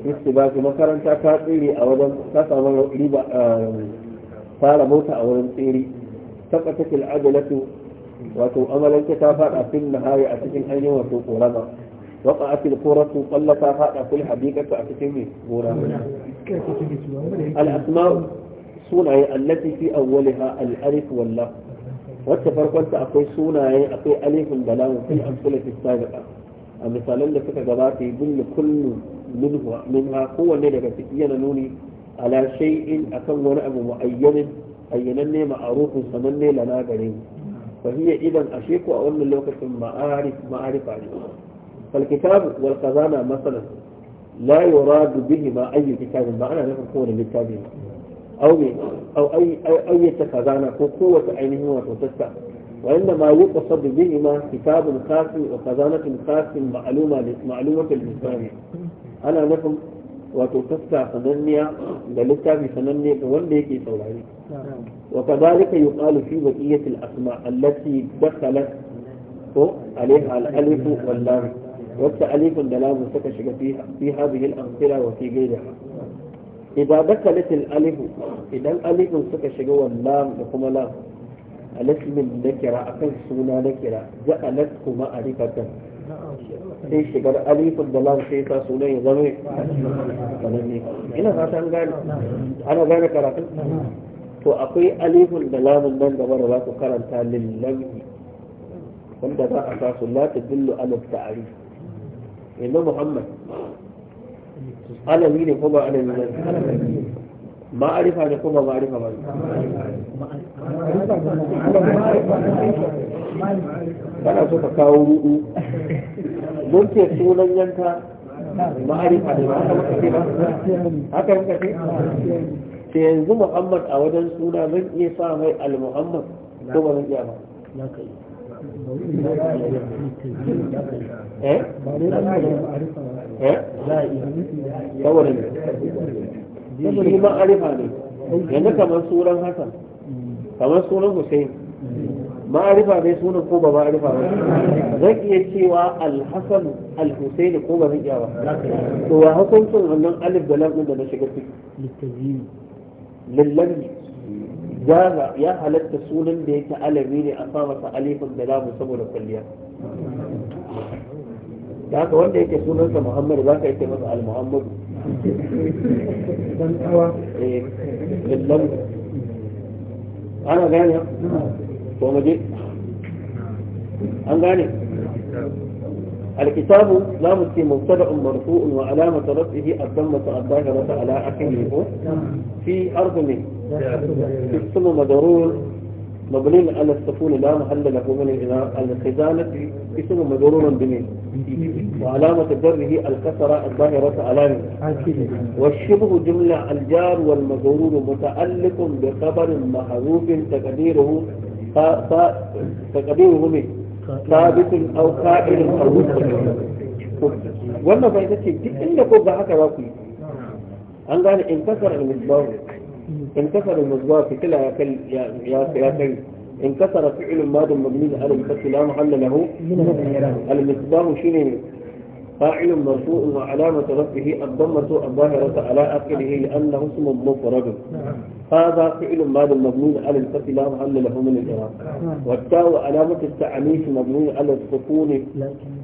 في السباق مثلا تاكاتيري أو دم تسامى ريبا آه، صار موتا أو دم تيري سقطت العجلة وتو أملا تتافا في النهاية أتكن أين وتو قرما وقعت القرة قل تافا في الحديقة أتكن قرما الأسماء صنع التي في أولها الألف واللف wacce farkonta akwai sunaye akwai alifin da lamun fil amsalati sabiqa a misalan da suka gabata yubin kullu minhu minha kowanne daga ciki yana nuni ala shay'in akan wani abu mu'ayyanin ayyananne ma'arufin sananne lana gare mu fa hiya idan ashe ko a wannan lokacin ma'arif ma'arifa ne fal kitab wal khazana masalan la yuradu bihi ma ayyu kitabin ba ana nufin kowane littafi ba أو أو أي أو أي تخزانة قوة عينه وتوسع وإنما يقصد بهما كتاب خاص وخزانة خاص معلومة معلومة للإنسان أنا لكم وتوسع سننيا دلتا في سننيا وليكي سوري نعم. وكذلك يقال في بقية الأسماء التي دخلت عليها الألف واللام والتأليف والدلام سكشك فيها في هذه الأمثلة وفي غيرها idan dakalatil alifu idan alifin suka shiga wallam da kuma lam alasmin na kira akan suna na kira sai shigar alifin da lam sai ta ya ina ana gane karatun to akwai alifin da lamun nan gaba da za ku karanta lillahi wanda za a sa su la tadullu ala muhammad alami ne ko ba alawi ba ma'arifa ne ko ba ma'arifa ba kana so ka kawo ruɗu mun ke sunan yanka ma'arifa ne ba haka yanka ce ta yanzu muhammad a wajen suna zan iya sa mai al-muhammad ko ba zan iya ba eh Eh? saboda ne saboda kuma arifa ne yanzu kamar sunan hasan kamar sunan hussein ma'arifa ne sunan ko ba ma'arifa ba zan iya cewa alhassan alhussein ko ba zan iya ba to wa hukuncin wannan alif da lam da na shiga ciki lillahi jaza ya halatta sunan da yake alabi ne a sa masa alifin da lamu saboda kwalliya ذاك هو اللي يكون اسمه محمد ذاك يكون على محمد انا غاني هو انا غاني الكتاب لا مستي مبتدا مرفوع وعلامة رفعه الضمة الضاهرة على أكله في أرض من في السم مضرور مبنين على السكون لا محل له من الخزانة اسم مجرور بمين وعلامة الجر هي الكسرة الظاهرة علامة والشبه جملة الجار والمجرور متعلق بخبر محذوف تقديره تقديره من ثابت أو كائن أو wannan bai ta ce duk inda ko ba haka انكسر المضاف في كلا يا كل يا يا كل انكسر فعل ماض مبني على الفتح لا محل له المصباح شنو فاعل مرفوع وعلامة رفعه الضمة الظاهرة على آخره لأنه اسم مفرد هذا فعل ماض مبني على الفتح لا محل له من الإعراب والتاء علامة التعنيف مبني على السكون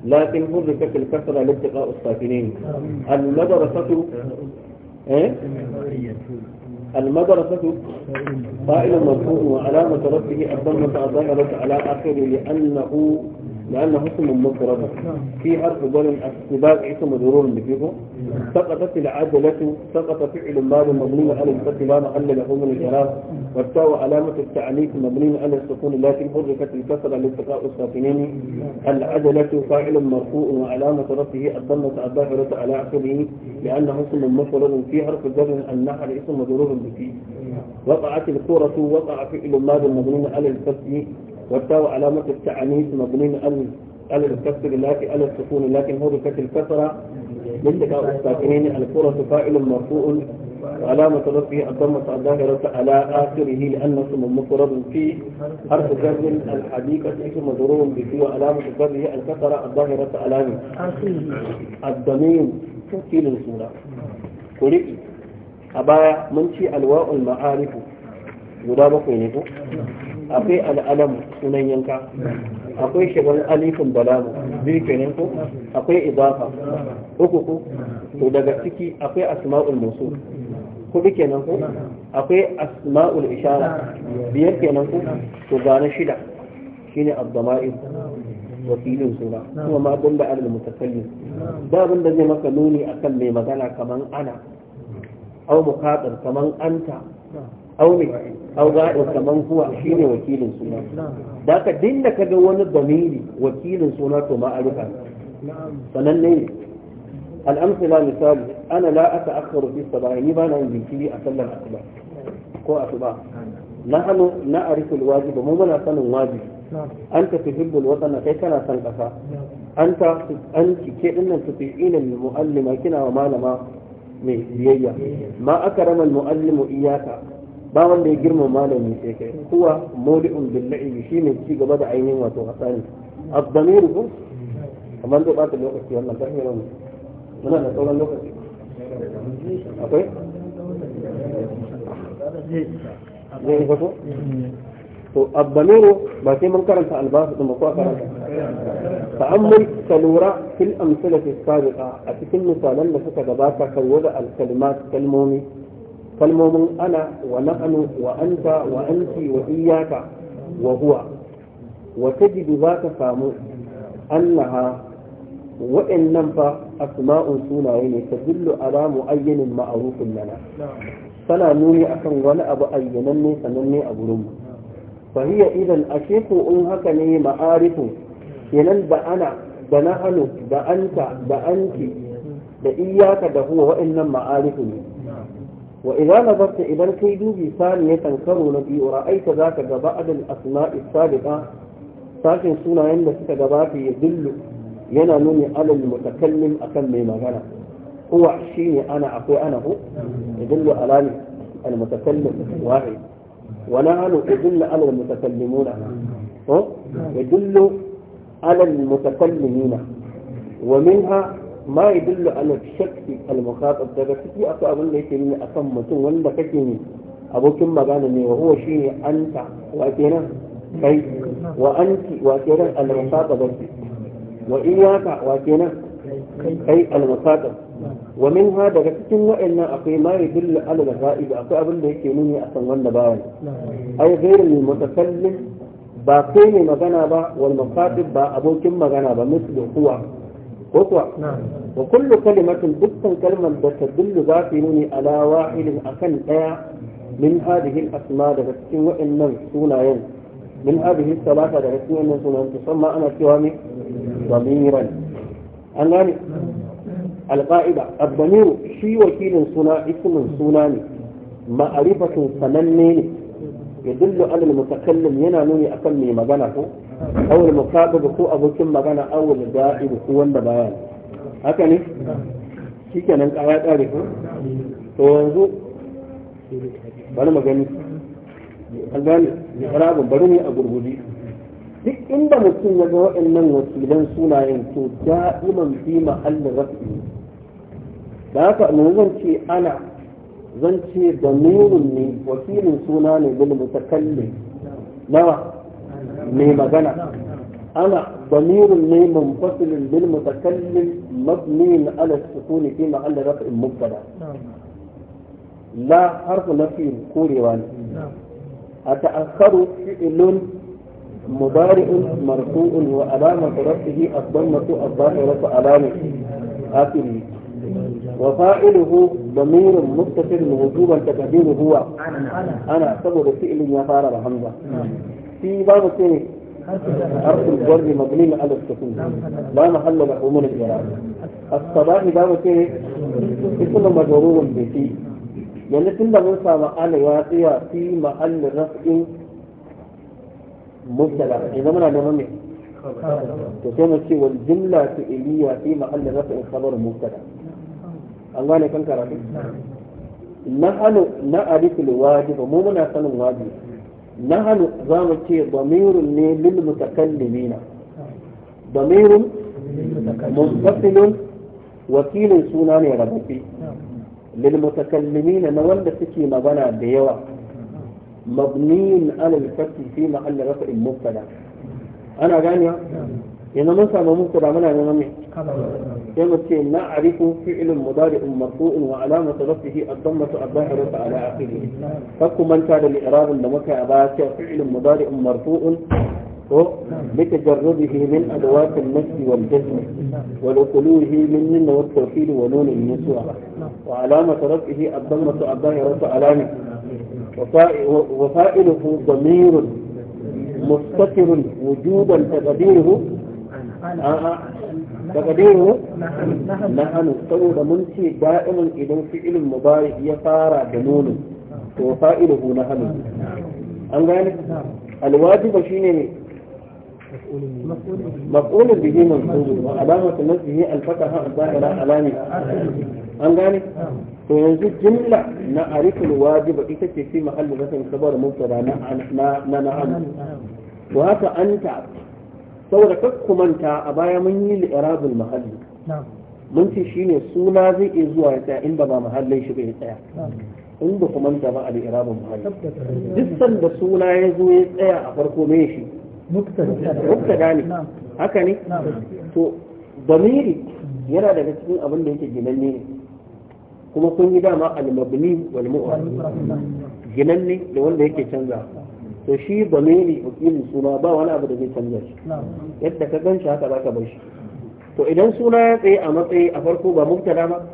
لكن حركت الكسرة لالتقاء الساكنين المدرسة ايه المدرسة قائل مرفوع وعلامة ربه الضمة الظاهرة على آخره لأنه لأنه اسم مفرد في حرف جر السباق اسم ضرور بفيه سقطت العدلة سقط فعل ماض مبني على الفتح لا محل له من الإعراب والتاء علامة التعليق مبني على السكون لكن حركت الكسر لالتقاء الساكنين العجلة فاعل مرفوع وعلامة رفعه الضمة الظاهرة على عقبه لأنه اسم مفرد في حرف جر النحل اسم ضرور بفيه وقعت الكرة وقع فعل ماض مبني على الفتح والتاء علامة التعنيف مبنين على الكسر لكن على السكون لكن هو بفتح الكسرة لقاء الساكنين الكرة فاعل مرفوع وعلامة رفعه الضمة الظاهرة على آخره لأنه اسم مفرد فيه حرف جر الحديقة اسم مجرور به وعلامة جره الكسرة الظاهرة على الضمين في الأولى قلت أبايا منشي الواء المعارف guda منه akwai al'alam sunan yanka akwai shigar alifin balamu biyu kenan ko akwai idafa uku ko to daga ciki akwai asma'ul musul hudu kenan ko akwai asma'ul ishara biyar kenan ko to gane shida shine abdama'i wakilin suna kuma ma kun da ta kalli ba abin da zai maka nuni akan mai magana kaman ana au muqaddar kaman anta au ne au ga'ir kaman huwa shine wakilin suna da ka dinda ka ga wani damiri wakilin suna to ma'arufa sananne ne al'amsila misali ana la aka akharu fi sabahi ni ba na yin a sallar asuba ko asuba nahnu na'rifu al-wajib mu muna sanin wajibi anta tuhibbu al-watana kai kana san kasa anta anti ke dinnan tufi'ina al-muallima kina wa malama mai biyayya ma akrama al-muallimu iyaka ba wanda ya girma malami sai kai kuwa mawdi'un billahi la'ibi shine ci gaba da ainihin wato hasani abdamiru ko kamar ba ta lokaci wannan karfe ne wannan da tsoron lokaci akwai zai yi fato to abdamiru ba sai mun karanta albasu da ba ko karanta ta'ammul ka lura fil amsalati sabiqa a cikin misalan da suka gabata kan wada al kalimat kalmomi kalmomin ana wa na'anu wa anta wa anti wa iyaka wa huwa wa tajidu za ka samu annaha waɗannan fa asma'un sunaye ne ta dillu ala mu'ayyinin ma'arufin lana tana nuni akan wani abu ayyananne sananne a gurin mu fa idan ashe ko in haka ne ma'arifu kenan da ana da na'anu da anta da anti da iyaka da huwa waɗannan ma'arufi ne wa idza idan kai dubi saniyatan karo na biyu ra'aita zaka ga ba'd al asma'i sabiqa sakin sunayen da suka gabata ya dillu yana alal mutakallim akan mai magana huwa shine ana akwai ana ya dillu alani al mutakallim wahid wa nahnu idilla alal mutakallimuna ko ya dillu alal mutakallimina wa minha ma ya dillu ala shakki al daga ciki akwai abin da yake nuna akan mutum wanda kake abokin magana ne wa huwa shine anta wa kenan kai wa anti wa kenan al-mukhatab wa iyyaka wa kenan kai al wa min ha daga cikin wa'annan akwai ma ya dillu ala ghaib akwai abin da yake nuni akan wanda ba kai ne magana ba ba abokin magana ba mislu نعم. وكل كلمة بس كلمة تدل نون على واحد أكن من هذه الأسماء لغسين وإن سنين من هذه الثلاثة لغسين وإن سنين تسمى أنا سوامي ضميرا أناني القائدة الضمير شي وكيل سنا اسم سناني معرفة سننين يدل على المتكلم ينانوني أكن مي مدنه awul mukababu ko abokin magana awul da'i ko wanda baya haka ne shikenan kawai tare ko to yanzu bari magani an gane rabin bari ne a gurgudi duk inda mutum ya ga waɗannan wasilan sunayen to da'iman fi mahallin rafi da haka mu zan ce ana zan ce da ne wakilin suna ne bil mutakallim nawa mai أنا ضمير الميم منفصل بالمتكلم مبني على السكون في محل رفع مبتدا لا حرف نفي كوريوان أتأخر فعل مضارع مرفوع وعلامة رفعه الضمة الظاهرة علامة آخره وفاعله ضمير متصل وجوبا تقديره هو أنا أنا أعتبر فعل يا فارغ حمزة في ضابط ايه؟ حرف الجر مبني على السكون لا محل له من الجلال الصباح ضابط ايه؟ اسم مجرور بتي يعني كل من سامع على واقع في محل رفع مبتدا اذا من هذا من تسمى شيء والجملة فعلية في محل رفع خبر مبتدا الله لك انت رأيك نحن نعرف الواجب مو من أحسن الواجب نحن زامتي ضمير للمتكلمين ضمير منفصل wakilin suna ne rababbe للمتكلمين na wanda suke magana da yawa mabniyin alal fathi fi mahall rafa'in mubtada ana gani yanzu mun samu muku da muna neman me sai mu ce na arifu fi'lun mudari'un marfu'un wa alamatu rafihi ad-dammatu ad-zahiratu ala akhirih fakku manta da li'irabin da muka a baya cewa fi'lun mudari'un marfu'un لتجرده من أدوات النفس والجسم ولخلوه من من والتوحيد ونون النسوة وعلامة رفعه الضمة الظاهرة علامة وفائله ضمير مستتر وجودا تقديره a'a daga dero na hannu saboda mun ce da'imin idan fi'ilin mubari ya fara da nono to fa'iluhu na hannu an gane alwajiba shine alama به منصوب وعلامة نصبه الفتحة الظاهرة alami. an gane to yanzu jimla na arifin wajiba ita ce fi mahallin rasin kabar mubtada na na na to haka anta saboda kakkumanta a baya mun yi li'irabul mahalli mun ce shine suna zai iya zuwa ya tsaya inda ba mahallin shi bai tsaya in ba ku manta ba al'irabul mahalli duk sanda suna ya zo ya tsaya a farko me shi muktada ne haka ne to damiri yana daga cikin abin da yake ginanne ne kuma kun yi dama al-mabni wal mu'arrad ginanne da wanda yake canza to shi ba meri wakilin suna ba wani abu da zai canza shi yadda ka gan shi haka za ka bar shi to idan suna ya tsaye a matsayi a farko ba mubtada ba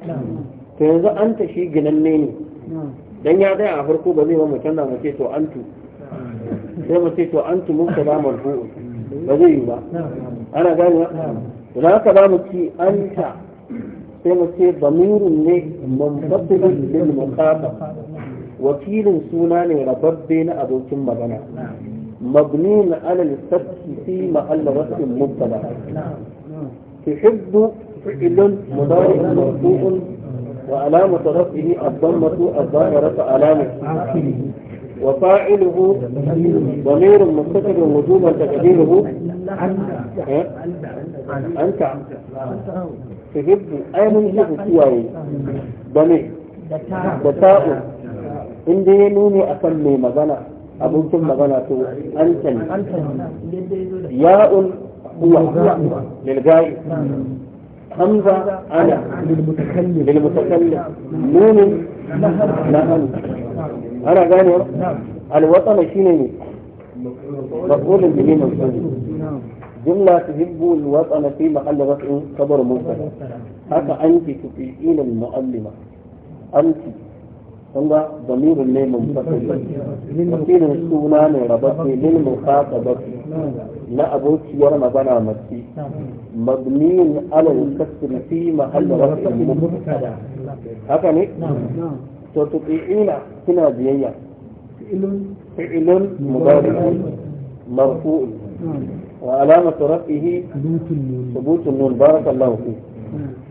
to yanzu an ta shi ginanne ne dan ya tsaye a farko ba zai ba mu canza mu ce to antu sai mu ce to antu mubtada marfu ba zai yi ba ana gani ba to za ka ba mu ci anta sai mu ce bamirun ne mumtasilin lil muqaddam وكيل suna ne أبو na abokin magana على الفتح في محل رفع مبتدا تحب فعل مضارع مرفوع وعلامة رفعه الضمة الظاهرة علامة وفاعله ضمير متصل وجوبا تقديره أنت تحب أي من يحب سواي ضمير بتاء in dai ya nuni akan mai magana abokin magana to an can ya'un huwa lilgai hamza ana lilmutakallim nunin na'an ana gane alwatsana shine ne مفعول به منصوب جملة تهب الوطن في محل رفع خبر مبتدا حتى أنت تطيعين المؤلمة أنت هو ضمير اللي منفصل وكيل السونا من ربطي للمخاطبة لا أبوك ورنا بنا مكي مبنين على الكسر في محل رفع مبتدا هكذا نعم تطيعين هنا بيئة فعل مضارع مرفوع وعلامة رفعه ثبوت النون بارك الله فيه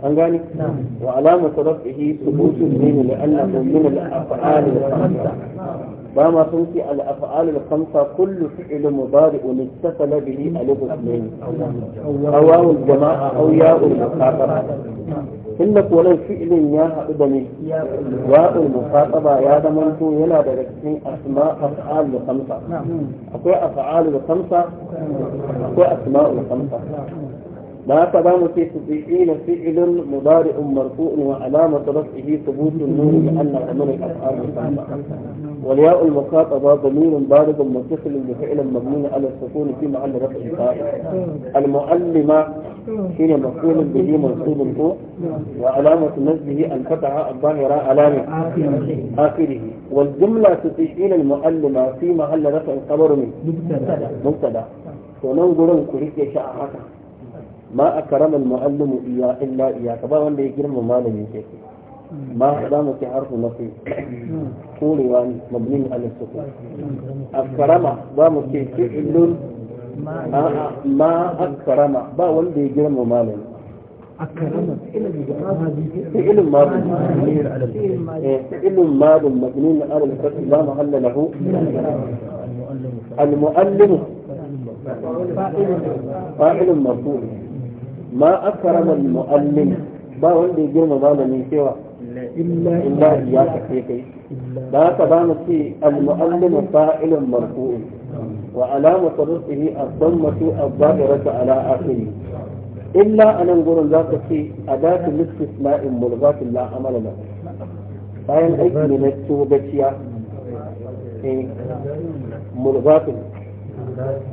أنجاني نعم. وعلامة ربه ثبوت الدين لأنه من الأفعال الخمسة بما تنسي الأفعال الخمسة كل فعل مضارع اتصل به ألف اثنين أو الجماعة أو ياء المخاطبة إن كل فعل ياء أدمي واو المخاطبة يا دمنتو يلا بركتي أسماء أفعال الخمسة نعم. أقوى أفعال الخمسة أقوى أسماء الخمسة لا تبان في تفعيل فعل مضارع مرفوع وعلامة رفعه ثبوت النور لأن عمل الأفعال متابعة والياء المخاطبة ضمير بارد متصل بفعل مبني على السكون في محل رفع فاعل المعلمة حين مفعول به منصوب هو وعلامة نزله أن الفتحة الظاهرة علامة آخره والجملة تفعيل المعلمة في محل رفع خبر من مبتدأ وننظر كريك شاء ما أكرم المعلم muallimu iya illa iya ka ba wanda ya girma ما دام في حرف نفي قولي وان مبني على السكون أكرم ما في فعل ما أكرم با ولدي جرم مالا أكرم فعل ماض فعل ماض مبني على الفتح لا محل له المؤلم فاعل مرفوع ma akrama al-muallim ba wanda ya girma malami cewa illa illa ya kace kai da haka ba mu ce al-muallim ilin marfu'un wa alamatu rufihi ad-dammatu ad ta ala akhirih إلا أن نقول ذاك في أداة الاستثناء ملغاة لا عمل له فإن أجل من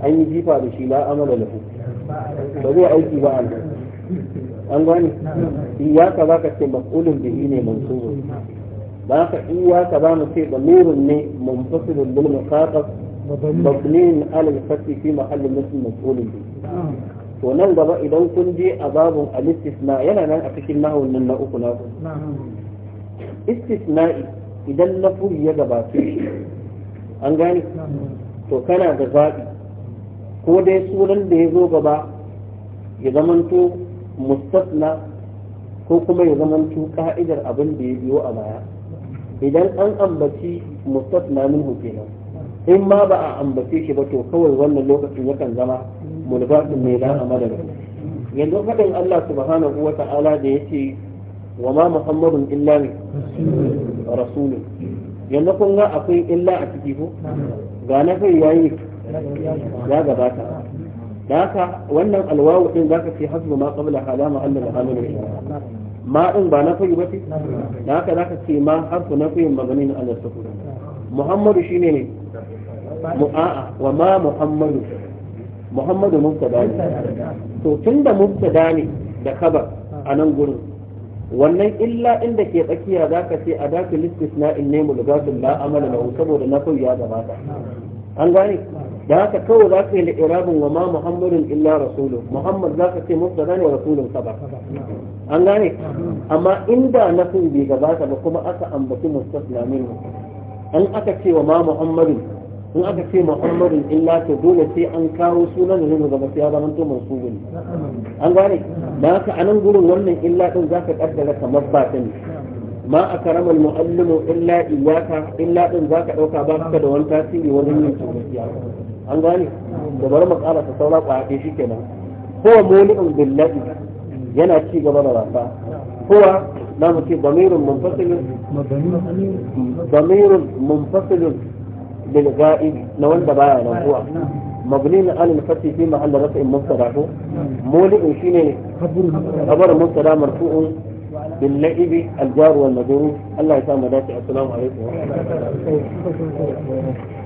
an yi jifa da shi لا عمل له ba zai aiki ba an an iya ka ba ka ce mas'ulun bihi ne mansubun ba ka ka ba mu ce nurin ne munfasilun bil muqatab mabniin ala al-fath fi mahall nasb mas'ulun bihi to nan gaba idan kun je a babun al-istisna yana nan a cikin nahawun nan na uku na istisna'i idan na ya gabace an gani. to kana da zaɓi ko dai sunan da ya zo gaba ya zamanto mustafna ko kuma ya zamanto ka'idar abin da ya biyo a baya idan an ambaci mustafna min kenan in ma ba a ambace shi ba to kawai wannan lokacin yakan zama mulbatin mai da amada yanzu faɗin Allah subhanahu wa ta'ala da yace wa ma muhammadun illa rasulun yanzu kun ga akwai illa a ciki ko ga na kai yayi ya gabata da haka wannan alwawu din zaka ce hasbu ma qabla hala ma Allah muhammadin ma din ba na fayu bace da haka zaka ce ma harfu na fayin maganin Allah sukun muhammadu shine ne mu'a wa ma muhammadu muhammadu mubtada ne to tunda mubtada ne da khabar a nan gurin wannan illa inda ke tsakiya zaka ce a dakil istisna'in ne mulgatul la amala lahu saboda na fayu ya gabata an gane da ka kawai za ka yi irabin wa ma muhammadun illa rasulun muhammad za ka ce mubtada ne rasulun ka ba an gane amma inda na sun bai gabata ba kuma aka ambaci mustasna minhu an aka ce wa ma muhammadun in aka ce muhammadun illa to dole sai an kawo sunan da zai gaba sai ya zama to mansubun an gane da haka a nan gurin wannan illa din za ka kaddara kamar ba ta ne ma a karamar mu'allimu illa iyaka illa din za ka ɗauka ba ka da wani tasiri wajen yin gaskiya an gane da bari mu ƙara ta saura ƙwaɗe shi kenan kowa muli'un billahi yana ci gaba da wasa kowa na mu ce damirun munfasilun damirun munfasilun bil ga'ib na wanda baya nan kowa مبني على الفتح في محل رفع مبتدا مولئ شنو خبر مبتدا مرفوع باللئب الجار والمجرور الله يسامح ذاتي السلام عليكم ورحمه الله